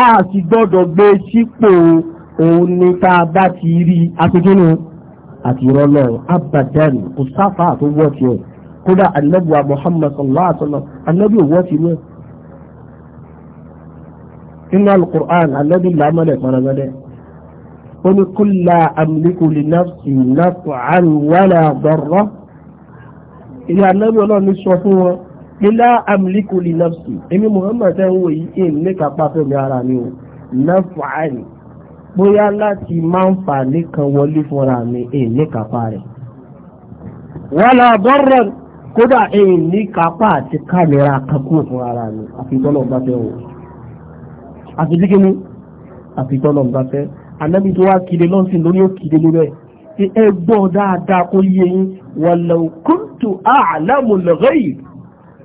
Speaker 1: a sì gbọ́dọ̀ gbé sípò náà òun ni tá a bá ti rí aṣojúnú àti ìrọ̀lọ́ abadan kò sáfà tó wọ́ ti ẹ̀ kódà anabiwa muhammad sallallahu alaihi wa sallam anabi ò wọ́ ti mú ẹ̀. inú alukur'an anabi lamọ́lẹ̀ pọ̀nàmọ́lẹ̀ ó ní kúlà amliku li nafsi naf'an wala darra ìyá anabi ọlọ́run ní sọ fún wọn ilá amliku li nafsi èmi muhammad ẹ̀ ń wòye ẹ̀ ní kápá fẹ́mi ara mi o naf'an bóyá láti máa ń fà nìkan wọlé fúnra mi èyí níkàpá rẹ̀ wàlá bọ́rọ̀ kódà èyí níkàpá àti kámẹ́rà kankúrò fúnra mi àfi tọ́lọ̀ bá fẹ́ o àfi díkì ni àfi tọ́lọ̀ bá fẹ́ anábì tó wá kiri lọ́sìn lórí òkìdé lórí ẹ̀ ti ẹ gbọ́ dáadáa kó yé yín walaw kuntu a'lamul ghaib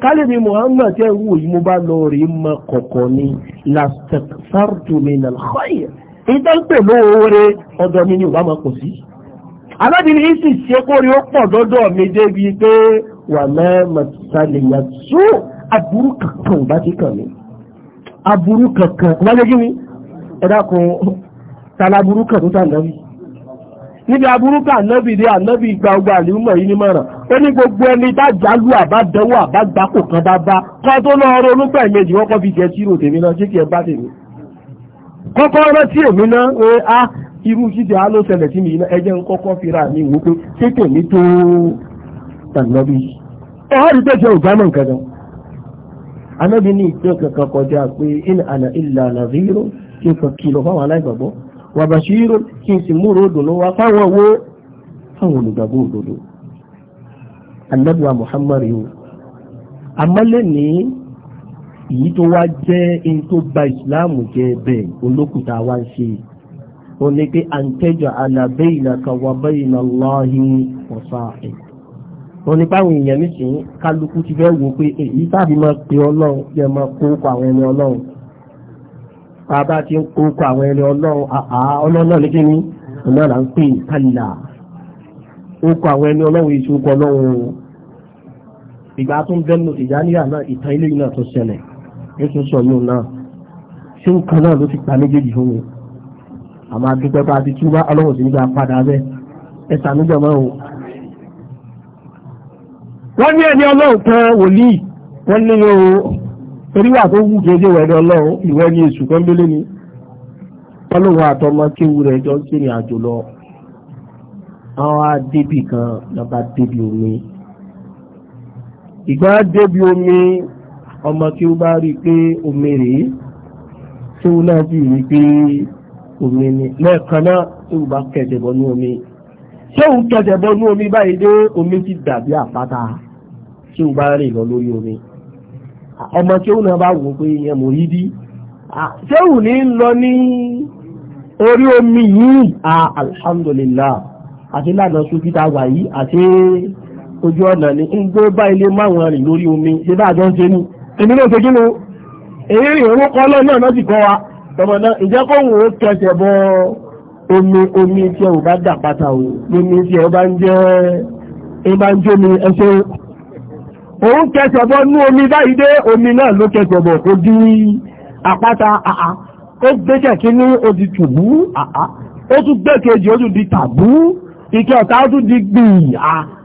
Speaker 1: kálíbi muhammad tẹ́ wò yìí mo bá lọ rí mọ́ kọ̀kọ́ ni lastakthartu minal khair ìdá ń pè lówó oore ọ̀dọ̀ mi ni ò bá máa pọ̀ sí. alábìnrin yìí sì ṣe kórè ó pọ̀ dọ́dọ̀ mi débi pé wà mẹ́mọ̀ sálẹ̀ yàtú aburú kankan bá ti kàn mí aburú kankan bá lè kí mi ẹ dákun tala aburú kan tó tàn dábì níbi aburú kan ànábì dé ànábì gba ọgbà àlùmọ̀ yìí nímọ̀ràn ó ní gbogbo ẹni dájálù àbádẹ́wò àbágbákò kan bá bá kọ́ tó lọ́ọ́ ronú pẹ̀lú méjì wọ́n kọ́ fi jẹ́ tírò tèmi lọ sí kí ẹ bá tèmi kọ́kọ́ rántí èmi náà pé a irú ṣíṣe á ló ṣẹlẹ̀ sí mi iná ẹ jẹ́ ń kọ́kọ́ fira mi wò pé ṣé tèmi tó tàbí ẹ á rí pé ṣe òjá mọ̀ nǹkan kan anábì ní ìpín kankan kọjá pé in àná ìlà nàzírò kí n kàn kìlọ̀ fáwọn aláìgbàgbọ́ wàbàṣírò kí n sì múrò dùnú wa fáwọn owó fáwọn olùgbàgbọ́ òdodo anábìwá Muhammad yìí àmọ́ lẹ́nìí èyí tó wá jẹ́ in tó ba ìsìláàmù jẹ́ bẹ́ẹ̀ olókùtà wá ń ṣe ó ní pé à ń tẹ́jọ àlàbẹ́ ìlàkà wà bẹ́yìn aláhi ọ̀sà ẹ̀ ó ní báwọn èèyàn nísìnyí kálukú ti fẹ́ wò pé èyí tàbí máa pe ọlọ́run jẹ́ máa kó kọ àwọn ẹni ọlọ́run bàbá ti ń kó kọ àwọn ẹni ọlọ́run àá ọlọ́run náà ní kí ni ọ̀nà là ń pè kálà ó kọ àwọn ẹni ọlọ́run èso kọ ọlọ́run ìgbà tó ń bẹ́ẹ̀ nù tìjà náà ìtàn ilé yìí náà tó ṣẹlẹ̀ yóò tún sọ yóò náà ṣé nǹkan náà ló ti pa méjèèjì fún mi àmọ́ àdúgbò bá ti túbá ọlọ́run sí nígbà padà bẹ́ẹ̀ ẹ sàmújọ mọ́ o. wọ́n ní ẹni ọlọ́run kan wòlíì wọ́n ní o torí wà tó wù kéde wẹ̀rí ọlọ́run ìwé ni èṣù kan délé ni ọlọ́run àtọmọ kéwu rẹ̀ jọ ń sìnrìn àjò lọ àwọn adébì kan lọ́ba débi omi ìgbà débi omi ọmọ tí ó bá rí pé omi rèé tí ó náà sì rí pé omi ni lẹ́ẹ̀kan náà tí ó bá kẹ̀jẹ̀ bọ́ ní omi tí ó ń kẹ̀jẹ̀ bọ́ ní omi báyìí dé omi ti dàbí àpáta tí ó bá rìn lọ lórí omi ọmọ tí ó náà bá wò pé ìyẹn mò rí dí tí ó ní lọ ní orí omi yìí alhamdulillah àti lánàá sójú tá a wà yìí àti ojú ọ̀nà ní ń gbé bá ilé máwọn rìn lórí omi ṣe bá àjọ ń ṣe ní èmi náà ṣe kínú èyí rìn òun kọ́ lọ́nà náà sì kọ́ wa tọmọdé ìjẹ́ kó wò ó kẹsẹ̀ bọ omi omi tí ẹ ò bá dà pátá o omi tí ẹ bá ń jẹ́ ẹ bá ń jómi ẹṣẹ́ òun kẹsẹ̀ bọ nú omi báyìí dé omi náà ló kẹsẹ̀ bọ kó di àpáta àá ó gbé kẹ̀kí ní odi tùbú àá ó tún gbé kejì ó tún di tàbú ìkẹ́ ọ̀tá ó tún di gbìyà.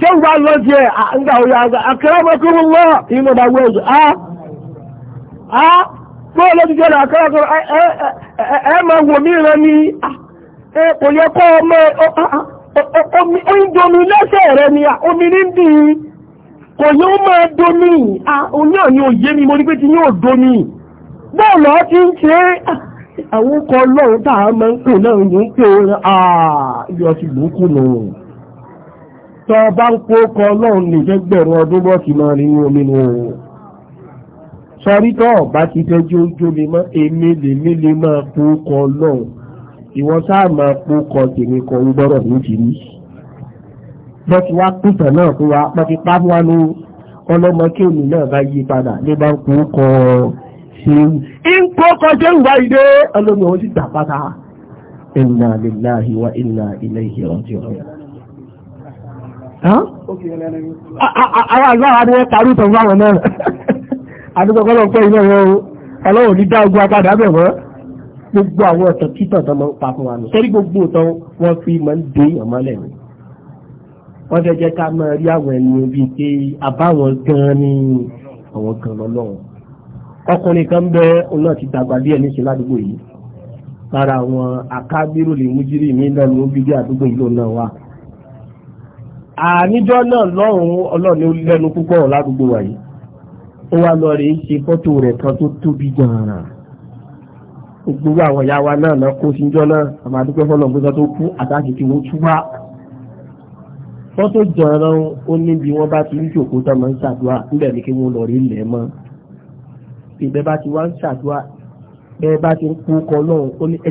Speaker 1: ṣé ń gbà lọ a ẹ̀ ńgbà òyà àgbà àkẹ́rọ̀mọ́kúrún lọ ìmọ̀ bá wẹ̀ jù á á tó lójú ẹ ni kò yẹ kọ́ ọmọ oúnjẹ omi rẹ ni omi kò yẹ máa domi oní àní mi mo ní pé ti ní ń ṣe àwọn ọkọ̀ ọlọ́run tá a máa ń pè náà ń pè yọ tọ́ bá ń kó kọ lọ́run lè fẹ́ gbẹ̀rún ọdún bọ́ ti máa rí omi nù oòrùn sọrí tọ́ ọ̀bá ti tẹ́jú ojú mi mọ́ èmi lèmi lè máa kó kọ lọ́run ìwọ sáà máa kó kọ tèmi kọ ń gbọ́rọ̀ ní tìrí bọ́ ti wá pìtàn náà fún wa pàtí pápá wa ọlọ́mọ kí òní náà bá yí padà ní bá ń kó kọ ṣeun ń kó kọ ṣeun báyìí dé ọlọ́mọ òun sì dà pátá inna lillahi wa inna ilayhi raji'un àwọn àgbáwà ni wọ́n parí ìtàn fáwọn náà adúgbòkọ́lọ̀ (laughs) o ọlọ́run ní dá ogun apádà bẹ̀ wọ́n gbogbo àwọn ọ̀tọ̀ títọ̀ tó máa ń pa fún wa nù sẹ́rí gbogbo ọ̀tọ̀ wọn fi máa ń dé èèyàn mọ́lẹ̀ ni wọ́n fẹ́ jẹ́ ká máa rí àwọn ẹni bíi pé àbáwọn gan ni àwọn kan lọ́lọ́run ọkùnrin kan bẹ ọ̀nà ti dàgbà díẹ̀ ní ìṣẹ̀lẹ̀ àdúgbò yìí lára àwọn akábírò lè mú jírí mi lẹ́nu ó bí dé àdúgbò yìí lónà wa àníjọ́ náà lọ́rùn ọlọ́ni lẹ́nu púpọ̀ ládùúgbò wáyé ó wá lọ rèé ṣe fọ́tò rẹ̀ kan tó tóbi gan-an gbogbo àwọn ìyá wa náà lọ kó síjọ́ náà àmà àdúgbò fọ́lọ̀ gbogbo tó kú àtàkì tí wọ́n tú wá fọ́tò jọ̀ọ̀rọ̀ ó níbi wọ́n bá ti ń jòkó tó máa ń ṣàdúrà níbẹ̀ ni kí wọ́n lọ rí ilẹ̀ mọ́ ìbẹ́ bá ti wá ń ṣàdúrà bẹ́ẹ̀ bá ti ń kú kọ́ lọ́hùn ó ní ẹ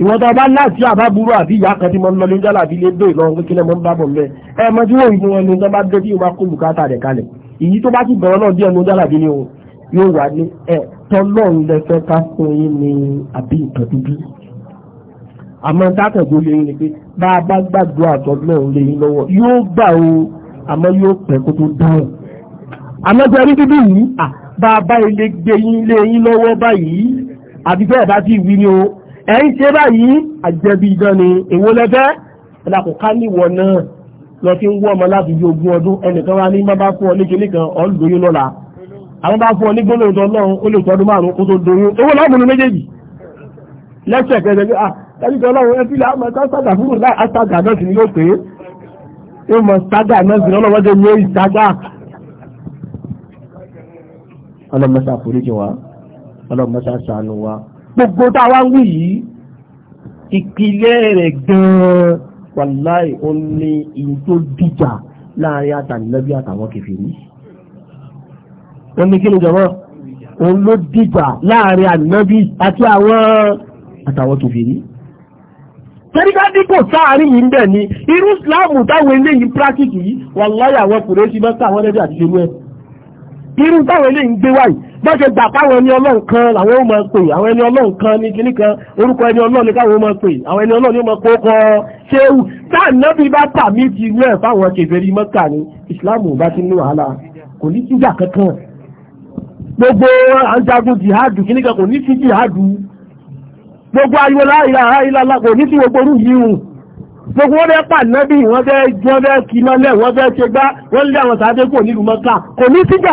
Speaker 1: ìwọ́n tó bá láti àbábúrò àbí ìyá kan tí mo ń lọ ní jálà àbí ilé dé ìlọrin kékeré mo ń bá bọ̀ mẹ́ ẹ mọ tí wọ́n ìbú wọn ni tó bá dé tí ìwà kó bùkátà rẹ̀ kalẹ̀ èyí tó bá ti bẹ̀rẹ̀ náà díẹ̀ ní àbí ni yóò wà ní ẹ tọ́lọ́run lẹ fẹ́ ká fún yín ní àbí nǹkan dúdú. àmọ́ dákẹ̀dó lè ní pé bá a bá gbàdúrà tọ́lọ́run lè yín lọ́wọ́ yóò gbà o àmọ́ yóò pẹ́ kó tó dáhùn. àmọ́ tí a rí yìí bá a bá ilé gbé yín lé yín lọ́wọ́ báyìí àbí bẹ́ẹ̀ bá ti wí ni o ẹ̀yìn ṣe báyìí àjẹbí ìdán ni èwo lẹ́fẹ́ ẹ̀dàkùnká níwọ náà lọ fi ń wọ́ ọmọ láti ju ogún ọdún ẹnìkan wá ní bá fún ọ ní kinní kan ọ lóyún lọ́la àwọn bá fún ọ ní gbólóhùn tó ó lè tọ́dún márùn kó tó doyún owó láàmúnú méjèèjì lẹ́sẹ̀ kẹsẹ̀ pé ah ẹni tó lọ́run ẹbí là máa sága fún un gbogbo tá a wá ń wí yìí ìpìlẹ̀ rẹ̀ gan-an wàláì ó ní ìyìn tó dìjà láàrin àtàlẹ́bí àtàwọn kèfèrí wọ́n ní kí ni jọ̀wọ́ òun ló dìjà láàrin ànábì àti àwọn àtàwọn kèfèrí tẹ́ríkà dípò sáàrin yìí ń bẹ̀ ni irú ìsìláàmù táwọn eléyìí pírátìkì yìí wàláì àwọn kùrẹ́sì mọ́ta àwọn ẹlẹ́bí àti ṣerú ẹ̀ irú táwọn eléyìí ń gbé wáyìí bó ṣe gbà káwọn ẹni ọlọ́run kan làwọn ó máa pè àwọn ẹni ọlọ́run kan ní kinní kan orúkọ ẹni ọlọ́run ní káwọn ó máa pè àwọn ẹni ọlọ́run ní ó máa kó kọ ṣéwù táànábì bá tà mí ti rú ẹ̀ fáwọn kèfèrí mọ́kà ní ìsìláàmù bá ti ní wàhálà kò ní síjà kankan gbogbo àjagun jihadu kinní kan kò ní sí jihadu gbogbo ayé láìlà àìlàlà kò ní sí gbogbo orú yìí hù gbogbo wọn bẹ pa nábì wọn bẹ kí lọlẹ wọn bẹ ṣe gbá wọn lé àwọn sàádé kò nílùú mọ́kà kò ní síjà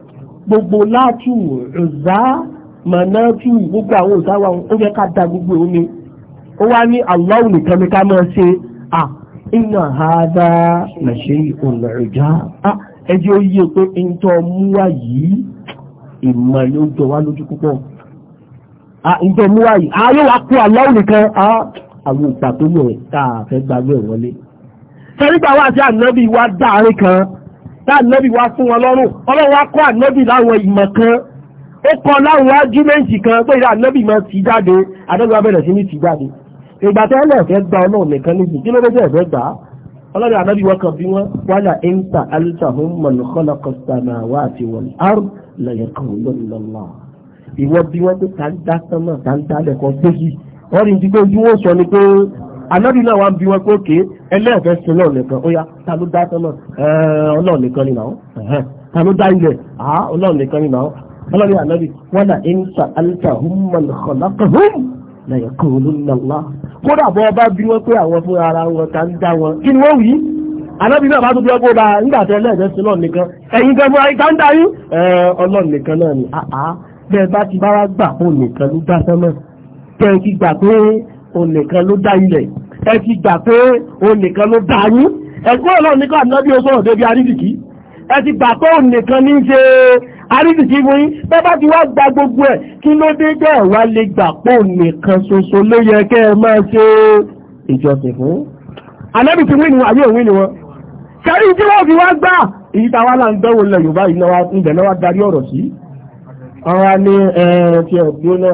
Speaker 1: gbogbo látù ọ̀zá mọ̀nàtù gbogbo àwọn òsáwà ó yẹ ká da gbogbo omi ó wá ní Allahu nìkan ní ká máa ṣe à iná àádá nàṣẹ ọ̀nà ìjà ẹjẹ́ ó yẹ pé ń tọ́ mú wá yìí ìmọ̀ ló jọ wá lójú púpọ̀ ń tọ́ mú wá yìí ayé wa kú Allahu nìkan àwọn ìgbà tó yẹ ká fẹ́ gbàgbé wọlé. sẹ́rígbà wá sí ànábì wá dáàrin kan. tá ànábì wá fún wọn lọ́rùn ọlọ́run wá kọ́ ànábì láwọn ìmọ̀ kan ó kọ́ láwọn ájúmẹ́ǹtì kan pé ìlà ànábì máa ti jáde ànábì wa bẹ̀rẹ̀ sí ní ti jáde ìgbà tó ẹlẹ́ ẹ̀fẹ́ gba ọlọ́run nìkan níbi kí ló dé tẹ́ ànábì náà wá ń bi wọn pé òkè ẹlẹ́ẹ̀fẹ́ sin náà nìkan ó yá ta ló dá sọ́nà ọlọ́run nìkan ni nàá ta ló dá ilẹ̀ ọlọ́run nìkan ni nàá ọlọ́run ànábì wọn là ń sa alita human khalaqahum la yaqulunna Allah kódà bọ́ ọba bí wọ́n pé àwọn fúnra ara wọn ta ń dá wọn kí ni wọ́n wí ànábì náà bá tó bí ọgbọ́n bá nígbà tẹ ẹlẹ́ẹ̀fẹ́ sin náà nìkan ẹ̀yin gan fúnra ìta ń dá yín ọlọ́run nìkan náà ni bẹ́ẹ̀ bá ti bára gbà fún nìkan ló dá òun nìkan ló dá ilẹ̀ ẹ ti gbà pé òun nìkan ló dá yín ẹ̀gbọ́n ọlọ́run ní káàdì náà bí ó sọ̀rọ̀ débi àrídìkì ẹ ti gbà pé òun nìkan ní ṣe àrídìkì fún yín bẹ́ bá ti wá gba gbogbo ẹ̀ kí ló dé jẹ́ ẹ̀wá lè gbà pé òun nìkan ṣoṣo ló yẹ kẹ́ ẹ máa ṣe ìjọsìn fún. ànábì ti wíni àbí òun wíni wọn sẹ́rí tí wọ́n fi wá gbà èyí tá wá láǹ dánwò lẹ Yorùbá ìnáwó ìbẹ̀ náà wá darí ọ̀rọ̀ sí. àwọn ni ẹ ti ẹ̀ gbóná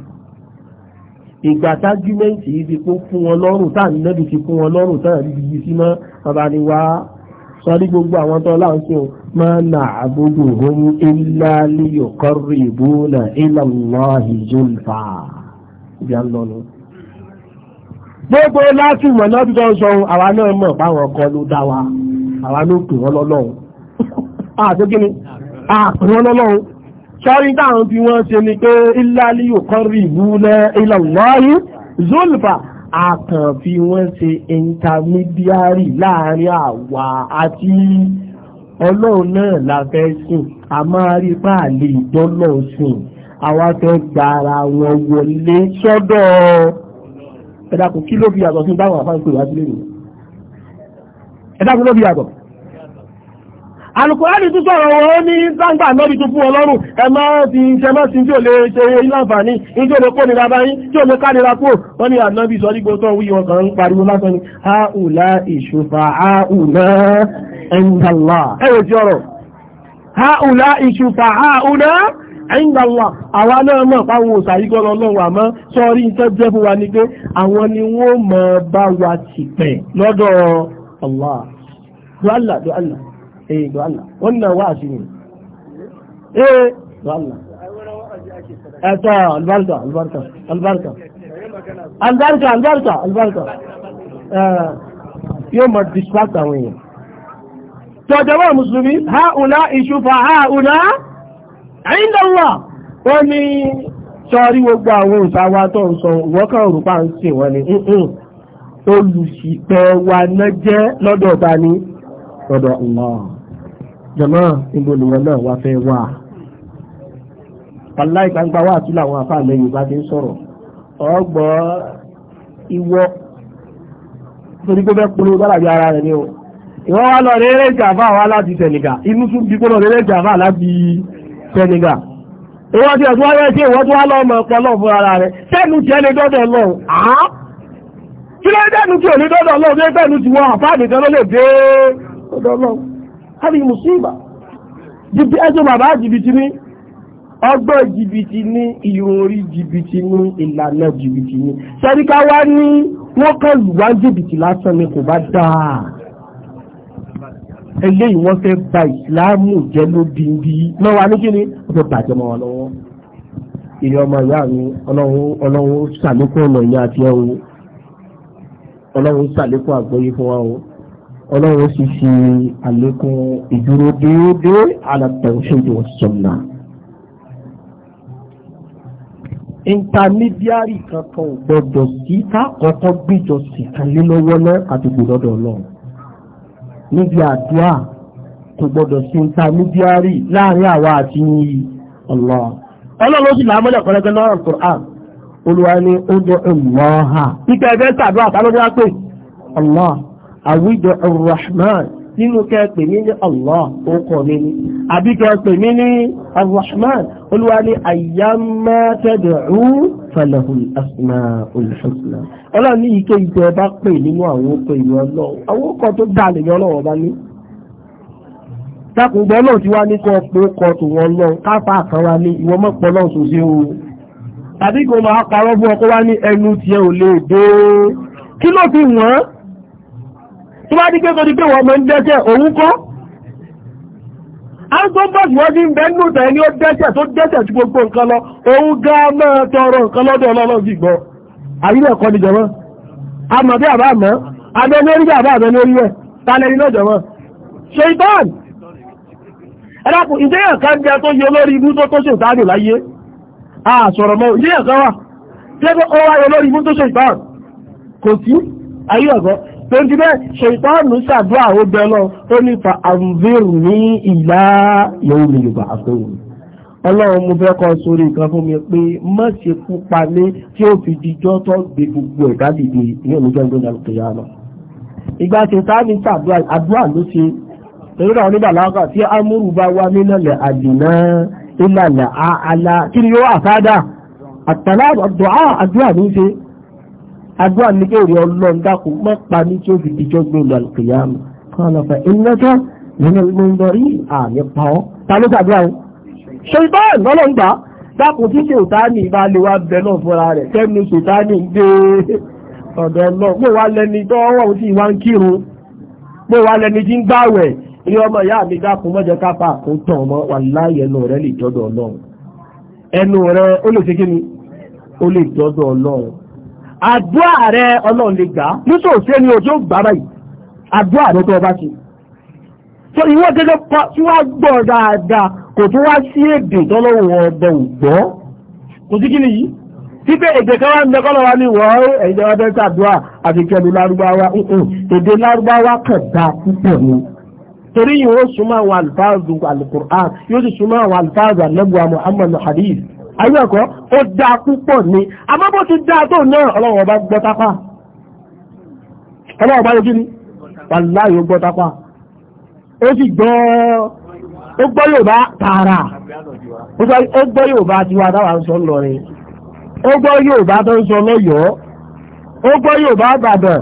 Speaker 1: ìgbà tágímẹ́ǹtì yìí ti kó fún wọn lọ́rùn táà nẹ́bì ti fún wọn lọ́rùn táà rí yìí sí mọ́ bàbá ni wá sọ́rí gbogbo àwọn tó láǹkì ò máa nà àbúgbò ohun ilá líyò kọ́rì nà ilà lọ́hì zulfa àlọ́nu. gbogbo láti mọ̀ náà tó sọ ohun àwa náà mọ̀ báwọn kan ló dá wa àwa ló pè wọ́n lọ́lọ́run. (laughs) àti kí ni àpè wọ́n lọ́lọ́run sọ́rí táwọn bí wọ́n ṣe ni pé ìlàlí òkan rí ìbú lẹ́ ìlàláyé zulfa àkàn fi wọ́n ṣe intermediary láàrin àwa àti ọlọ́run náà la fẹ́ sìn a máa rí páàlì ìjọ́lọ̀ sìn àwa fẹ́ gba ara wọn wọlé sọ́dọ̀ ẹ̀dàkùn kí ló fi yàtọ̀ sí báwọn àfáàkùn ìwádìí lè nìyẹn ẹ̀dàkùn ló fi yàtọ̀ alùkùránì tún sọ̀rọ̀ wọn ní gbangba lọ́bi tó fún ọlọ́run ẹmọ́ ti ṣẹmọ́ sí tí ò lè ṣe ìlànfààní ìjọ lè kó nira báyìí tí ò lè ká nira kúrò wọ́n ní ànábì sọ dígbò tó wí ọkàn ń pariwo lásán ni haula ìṣùfà haula ẹ̀ńdàlá ẹ̀rọ ti ọ̀rọ̀ haula ìṣùfà haula ẹ̀yìnlọ́wọ́ àwa náà mọ̀ páwọn òsàrígọ́ lọ́lọ́wọ́ àmọ́ sọ́rí tó jẹ́ fún wa ní pé àwọn ni wọ́n mọ̀ bá wa ti pẹ̀ lọ́dọ̀ Allah. Dọ́là dọ́là eh do Allah wannan wa'azi ne eh do Allah ta albarka albarka albarka albarka albarka albarka eh, yóò mọ distract àwọn èèyàn tọ́jọ́wọ́ mùsùlùmí haula ìṣùfà haula inda Allah wọ́n ní sọ́rí gbogbo àwọn òṣàwà tó ń sọ wọ́kàn òrùpá ń sìn wọ́n ni olùsìpẹ̀ wa náà jẹ́ lọ́dọ̀ ọba ní lọ́dọ̀ Allah jọmọ́ níbo lèèyàn náà wá fẹ́ wà wàláì gbangba wà tún làwọn afáàlẹ́ yorùbá ti ń sọ̀rọ̀ ọgbọ́ ìwọ torí pé bẹ́ẹ̀ polówó dọ́là bí ara rẹ̀ ni o ìwọ́n wá lọ rere ìjàmbá wa láti Senegal inú tún bí kólọ̀ rere ìjàmbá láti Senegal ìwọ́n ti ẹ̀tún wáyé tí ìwọ́n tún wá lọ́mọ ọpọlọ́ fún ara rẹ̀ tẹ́nu tí ẹni dọ́dọ̀ lọ́wọ́ àá kí ló dẹ́nu tí ò ní dọ́dọ̀ lọ́wọ́ bí ẹgbẹ́nu ti wọ́n àfáàdì tẹ́lọ́ lè dé ọdọ́ lọ́wọ́ hàbí musiba, jìbì ẹjọ́ bàbá jìbìtì ní ọgbọ́n jìbìtì ní irun orí jìbìtì ní ìlànà jìbìtì ní sẹ́ríkà wá ní wọ́n kàn lùwá jìbìtì lásán ni kò bá dáa eléyìí wọ́n fẹ́ bà ìsìláàmù jẹ́ lódindi lọ́wọ́ ní kíni wọ́n fẹ́ bàjẹ́ mọ́ wọn lọ́wọ́ ìrìn ọmọ ìyá mi ọlọ́run ṣàlékún ọ̀nà ìyá àti ẹ̀wọ̀n ọlọ́run ṣàlékún àgbọ́yé fún wa o ọlọ́run sì fi àlékún ìdúró déédéé alàtẹ̀wọ̀ṣẹ́jú ọ̀sọ̀nà. intermediary kankan ò gbọdọ̀ sí ká kọ́kọ́ gbìjọ sí kan lé lọ́wọ́ náà àdúgbò lọ́dọ̀ ọlọ́run. níbi àdúrà kò gbọdọ̀ sí intermediary láàrin àwa àti Allah. ọlọ́run sì làámọ́lẹ̀ kọ́lẹ́gbẹ́ lọ́rọ̀ Qur'an olùwà ni ó jọ ìmọ̀ ha. ìgbà ẹ̀fẹ́ sàdúrà sálọ́dún á pè Allah àwùjọ arrahman nínú kẹ́ pè mí ní allah ó kọ́ mi ní àbí kẹ́ pè mí ní arrahman olúwa ní ayyamma tad'u falahul asma'ul husna ọlọ́run ní ike ìjọ bá pè nínú àwọn okò ìlú ọlọ́run àwọn okò tó dà lè yọ ọlọ́run ọba ní tó bá dípé tó dípé wọ́n mọ́ ń dẹ́ṣẹ̀ òun kọ́ asọ́bọ̀sì wọ́n ní bẹ́ẹ̀nù tẹ̀ ní ó dẹ́ṣẹ̀ tó dẹ́ṣẹ̀ tí gbogbo nǹkan lọ òun gá máa tọrọ nǹkan lọ́dọ̀ ọlọ́run sì gbọ́ àyílẹ̀ ẹ̀kọ́ ni jọmọ́ àmọ́ bí àbá àmọ́ àmọ́ ní orí àbá àmọ́ ní orí rẹ̀ tálẹ̀ ní náà jọmọ́ ṣe ìtàn ẹ̀dàkùn ìdéyàn kan jẹ tó yẹ olórí ibú tó tó ṣe ìtàdù láyé àṣọ̀rọ̀ mọ́ ìdéyàn kan wà tí ó wáyé olórí ibú tó ṣe ìtàn kò sí ayé ọ̀gọ́ tó ń ti bẹ́ẹ̀ ṣètọ́ọ̀nù ṣàdúrà ó bẹ lọ ó ní fa àǹvírù ní ìlà yòówù mi yorùbá àfẹ́wò ọlọ́run mo fẹ́ kọ́ sórí nǹkan fún mi pé má ṣe kú pa mí tí ó fi dijọ́ tó gbé gbogbo ẹ̀dá dìde ní òmùjọ́ ìgbéga lókè yára lọ. ìgbà tí sáàmì ṣàdúrà àdúrà ló ṣe torí náà nígbà láwọ́kà tí amúrù bá wá nílẹ̀ àdìná ìlànà àlà kí ni yóò àfádà àtàlà àdúrà ló ṣe àdúrà ní kí èrè ọlọ́run dákun má pa ní tí ó fi dijọ́ gbé lọ àlùkìyàmù kan lọ fẹ́ ìnájọ́ nínú ìlú ń lọrí àmì pa ọ́ ta ló ṣàdúrà o ṣe ìtọ́ ìlọ́lọ́run gbà dákun tí ṣètáàní ìbá lè wá bẹ náà fúnra rẹ̀ tẹ́nu ṣètáàní ń gbé ọ̀dọ̀ náà pé wá lẹni tó wọ́n ti wá ń kírun pé wá lẹni tí ń gbàwẹ̀ ilé ọmọ ìyá mi dákun mọ́jọ káfà kó tàn àdúrà rẹ ọlọ́run lè gbà nítòsí ẹni ojú gbà báyìí àdúrà rẹ tó ọba ṣe so ìwọ gẹ́gẹ́ tí wàá gbọ́ dáadáa kò tún wá sí èdè tọ́lọ́run ọ̀dọ̀ gbọ́ kò sí kí ni yìí síbẹ̀ èdè kan wá ń dẹ́kọ́ lọ́wọ́ ní wọ́n ẹ̀jẹ̀ wọn bẹ́ẹ̀ ṣàdúrà àti kẹlu lárúbáwá èdè lárúbáwá kàn dá púpọ̀ ni torí yìí ó súnmọ́ àwọn àlùfáàzù alukur'an yóò sì súnmọ́ àwọn àlùfáàzù anábùwà hadith ayẹ́kọ́ ó dáa púpọ̀ ní àmọ́ bó ti dáa tó náà ọlọ́wọ́ bá gbọ́ tápá bá yọjú ní wàláyé ó gbọ́ ó sì gbọ́ ó gbọ́ Yorùbá tààrà ó gbọ́ Yorùbá tiwa táwa ń sọ ń lọrin ó gbọ́ Yorùbá tó ń sọ lọ́yọ̀ọ́ ó gbọ́ Yorùbá àbàdàn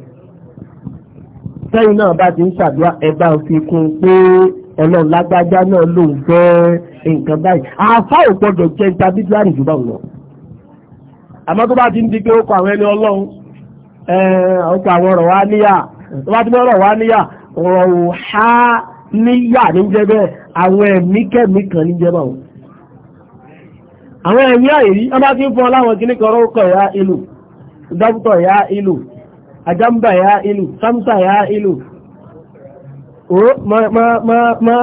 Speaker 1: sẹ́yìn náà bá ti ń ṣàdúrà ẹgbà òfin kún pé ọlọ́run lágbájá náà lòun fẹ́ nǹkan báyìí àfa ò gbọdọ̀ jẹ́ intermediary jù báwọn lọ. àmọ́ tó bá ti ń di pé àwọn ẹni ọlọ́run ọkọ̀ àwọn ọ̀rọ̀ wa níyà tó bá ti mọ́ ọ̀rọ̀ wa ajamba ya ilu samsa ya ilu o ma ma ma ma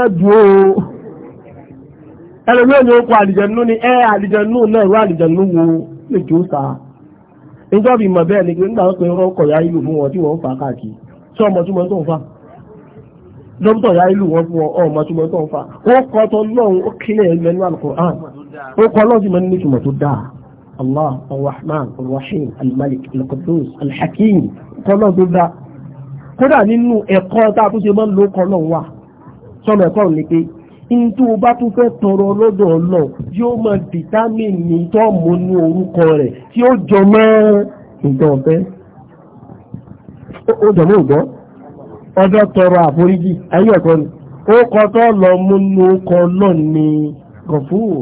Speaker 1: okò àlìjẹ̀nú ni ẹ àlìjẹ̀nú náà àlìjẹ̀nú wo lè jó sa níjọ́ bí bẹ́ẹ̀ ni pé nígbà pé ya fún wọn tí wọ́n fà káàkiri tí ọmọ tí mo tó ń fà dókítà ya wọn fún ọmọ tí mo tó ń fà ó kọ́ tó lọ́hùn ó kílẹ̀ al al kọ́lọ́ tó dá kódà nínú ẹ̀kọ́ tá a tún ṣe máa ń lo kọ́lọ́ wà sọ́nà ẹ̀kọ́ ni pé ní tó o bá tún fẹ́ tọrọ lọ́dọ̀ ọlọ́ yóò máa dìtámìnì tó mú ní orúkọ rẹ̀ tí ó jọ mọ́ nǹkan ọ̀fẹ́ ó jọ̀mọ́ ògbọ́ ọjọ́ tọrọ àforíjì ayé ẹ̀kọ́ ni ó kọ́ tó lọ mú ní orúkọ náà ni kọ̀fúrù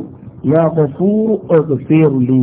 Speaker 1: ìyá kọ̀fúrù ọ̀sẹ̀ fẹ́rù lè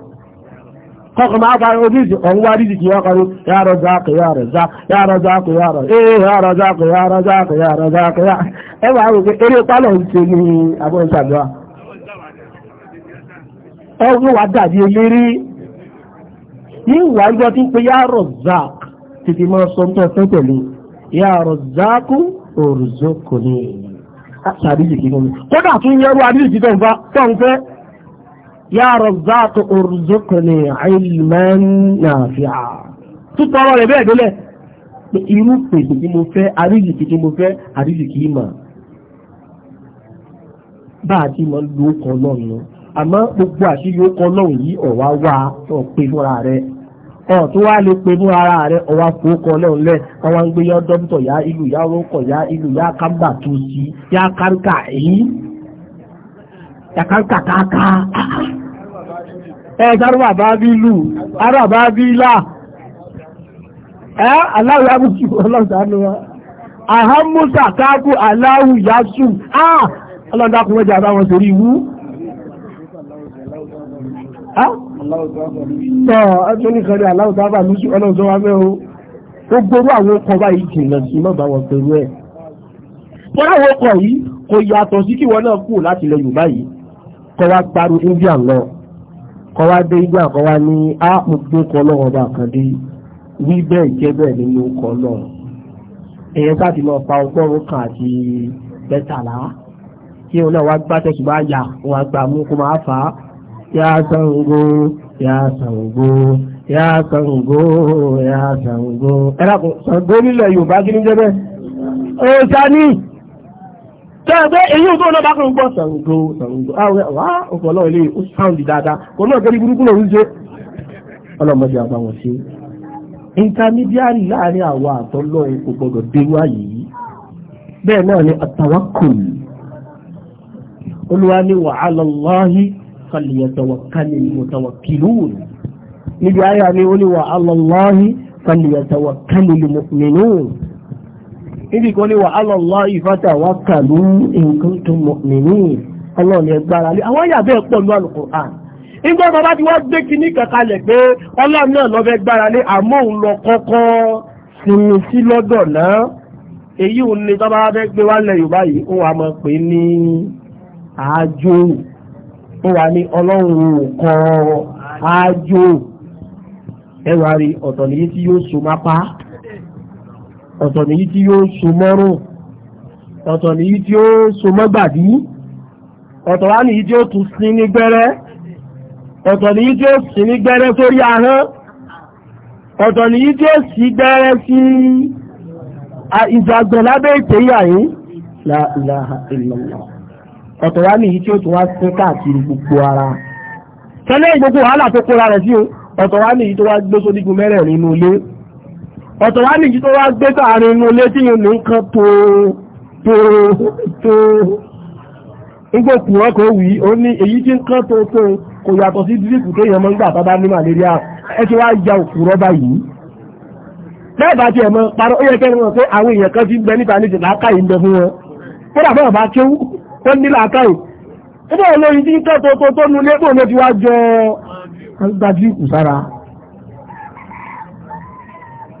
Speaker 1: kọ́kọ́ máa fa oríṣi dị wá kì ní Ya zákò ya zákò ya zákò yàrá ee yàrá zákò ya zákò yàrá eh, ya yàrá ẹ ya rò pé eré pálọ̀ ń ṣe ní abọ́n ṣàdúrà ẹ wọ́n wá dàbí eléré ní ìwà ìjọ ya ń pe yàrá zák ọsọ máa sọ tó fẹ́ pẹ̀lú yàrá ya razzaq urzuqni ilman nafi'a tó tọrọ rẹ̀ bẹ́ẹ̀ délẹ̀ pé irú pèsè tí mo fẹ́ àríjìkì tí mo fẹ́ àríjìkì mà bá a ti mọ lu ó kan náà nù àmọ́ gbogbo àṣírí ó kan náà yìí ọ̀wá wá ọ̀ pé fúnra rẹ̀ ọ̀ tó wá lè pe fún ara rẹ̀ ọ̀wá fòókọ lẹ́hùn lẹ́ àwọn gbé yá dọ́pítọ̀ yá ìlú yá rókọ̀ yá ìlú yá kámbà tó sí yá kárìkà èyí yá kárìkà káàkáà ẹ̀ẹ́sàrùbà bá bí lù ara bá bí là ẹ́ aláwọ̀ yàbùsù ọlọ́sàánú wa àhámúsà káàkù aláwù yàsù áà ọlọ́dàkùn mẹ́jà àbáwọn sórí ìwú tọ́ ẹjọ́ nìkan ní aláwù tábà lùsù ọlọ́sọ́ wa mẹ́ ó gbórú àwọn ọkọ̀ báyìí jìnà sí mọ́bà wọn pẹ̀lú ẹ̀ tọ́lá àwọn ọkọ̀ yìí kò yàtọ̀ sí kí wọn náà kú láti lẹ Yorùbá yìí kọ́ wa gbaru India náà kọ́ wá dé igbá kan wá ní á mo gbé kan lọ́wọ́ ọba kan dé wí bẹ́ẹ̀ jẹ́ bẹ́ẹ̀ nínú kan náà èèyàn sáàtì lọ pa ọgọ́rùn-ún kan àti mẹ́tàlá kí òun náà wá gbá tẹ̀sùn bá yà wọn àgbà mú kó máa fà á yá Ṣàngó yá Ṣàngó yá Ṣàngó yá Ṣàngó ẹ̀rọ Ṣàngó nílẹ̀ Yorùbá kí ní jẹ́ bẹ́ẹ̀ ọ̀sán ní tẹ́ẹ̀bẹ́ èyí ò tó náà bá kọrùn gbọ́ sàrùngó sàrùngó àwọ̀wá ah, ọ̀pọ̀lọ́ ilé ó sáàndì dáadáa kò náà gẹ́rí burúkú lòrú jẹ́ ọlọ́mọdé àgbà wọn ṣe intermediary láàrin àwọn àtọ́lọ́ kò gbọdọ̀ dérú àyè yìí bẹ́ẹ̀ náà ni àtàwákùn olúwa ní wa ala Allahi falyatawakkalil mutawakkilun níbi ayé àmì ó ní wa ala Allahi falyatawakkalil mu'minun níbi kan ní wà alọ́lá ìfàtà wà kàlú nǹkan tó mọ̀ nínú ọlọ́run ní ẹgbára lé àwọn àyà bẹ́ẹ̀ pọ̀ ní Al-Qur'an nígbà tó bá ti wá gbé kinní kankalẹ̀ pé ọlọ́run náà lọ́fẹ́ gbára lé àmọ́ òun lọ kọ́kọ́ sinmi sí lọ́dọ̀ náà èyí òun ni tọ́ba fẹ́ gbé wálẹ̀ Yorùbá yìí ó wà mọ̀ pé ní àájò ó wà ní ọlọ́run kọ́ àájò ẹwà rí ọ̀tọ̀ nìyí tí yóò so mápá ọ̀tọ̀ nìyí tí yóò so mọ́rùn ọ̀tọ̀ nìyí tí ó so mọ́gbàdí ọ̀tọ̀ wá nìyí tí ó tún sín ní gbẹ́rẹ́ ọ̀tọ̀ nìyí tí ó sín ní gbẹ́rẹ́ sórí ahọ́n ọ̀tọ̀ nìyí tí ó sí gbẹ́rẹ́ sí ìjàgbọ̀n lábẹ́ ìtẹ́yà yìí la ilaha illallah ọ̀tọ̀ wá nìyí tí ó tún wá sí káàkiri gbogbo ara tẹ́lẹ̀ gbogbo wàhálà tó kóra rẹ̀ sí ọ̀tọ̀ wá nìyí tó wá gbé sódígun mẹ́rẹ̀ẹ̀rin nínú ilé ọ̀tọ̀ wá nìjí tó wá gbé káàrin inú ilé tí yìí nìkan tó tó tó nígbò kù wọn kò wí ó ní èyí tí ń kán tó tó kò yàtọ̀ sí dírípù tó yẹn mọ́ ń gbà bábá ní màlẹ́ríà ẹ ti wá ya òkú rọ́bà yìí bẹ́ẹ̀ bá ti ẹ̀ mọ́ parọ́ ó yẹ kẹ́ni wọn pé àwọn èèyàn kan ti ń níta ní ìsìn yìí ń bẹ fún wọn kódà bẹ́ẹ̀ bá kéwú ó ní láàkà yìí ó bẹ́ẹ̀ lóyún tí ń tó tó tó nulẹ̀ tó ló ti wá jọ gbadírípù sára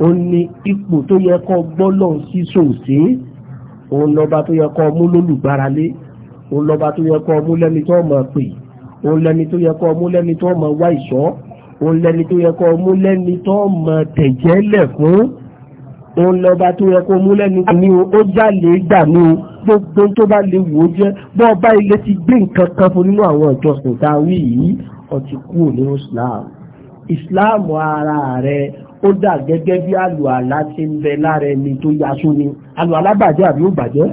Speaker 1: ó ní ipò tó yẹ kọ́ gbọ́lọ̀ sí sòsí òun lọ́ba tó yẹ kọ́ mú lólùgbára lé òun lọ́ba tó yẹ kọ́ mú lẹ́ni tó mọ̀ pè òun lẹ́ni tó yẹ kọ́ mú lẹ́ni tó mọ̀ wá ìṣọ́ òun lẹ́ni tó yẹ kọ́ mú lẹ́ni tó mọ̀ tẹ̀jẹ́ lẹ̀ fún òun lọ́ba tó yẹ kọ́ mú lẹ́ni ní o ó jáde gbà ní o gbogbo tó bá lè wò ó jẹ́ bọ́ ọba ilé ti gbé nǹkan kan fún nínú àwọn ìjọsìn tá a wí yìí ó ti kúrò ní Islam Islam ara rẹ̀ ó dà gẹ́gẹ́ bí àlùàlá ti ń bẹ lára ẹni tó yasú ni àlùàlá bàjẹ́ àbí ó bàjẹ́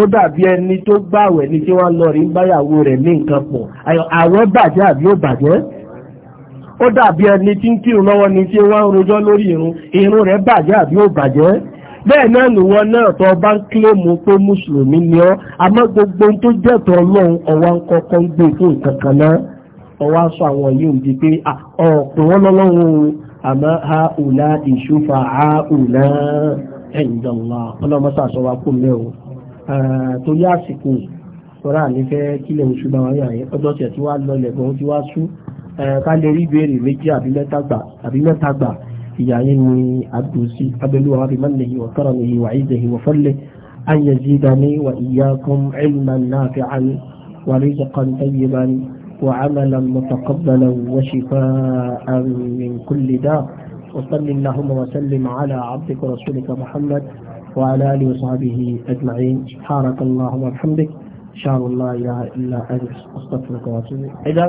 Speaker 1: ó dàbí ẹni tó gbàwẹ̀ ní tí wọ́n lọ rí báyàwó rẹ̀ ní nǹkan pọ̀ Àwẹ́ bàjẹ́ àbí ó bàjẹ́ ó dàbí ẹni tí ń kírun lọ́wọ́ ní tí wọ́n lórí irun irun rẹ̀ bàjẹ́ àbí ó bàjẹ́ bẹ́ẹ̀ náà náà tọ́ bá ń kílèmù pé mùsùlùmí ni àmọ́ ha ùlá ìṣúfà ha ùlá ẹ̀ǹdọ̀lá ọlọ́mọ́sà sọ wa kú mẹ́ o torí àsìkò rọ́rà ní fẹ́ kílẹ̀ oṣù bá wáyà yẹn ọjọ́ tẹ̀ tí wàá lọlẹ̀ gan tí wàá sú ká lè rí ìbéèrè méjì àbí mẹ́ta gbà ìyá yẹn ni àdùsí abẹ́lúwa wàá fi máa lè wọ́n kọ́ra mi yí wàá ìjẹ́ yí wọ́n fọ́lẹ̀ an yazidani wa iyyakum ilman nafi'an wa rizqan tayyiban وعملا متقبلا وشفاء من كل داء وصل اللهم وسلم على عبدك ورسولك محمد وعلى آله وصحبه أجمعين سبحانك اللهم وبحمدك إن شاء الله لا إله إلا أنت أستغفرك وأتوب إليك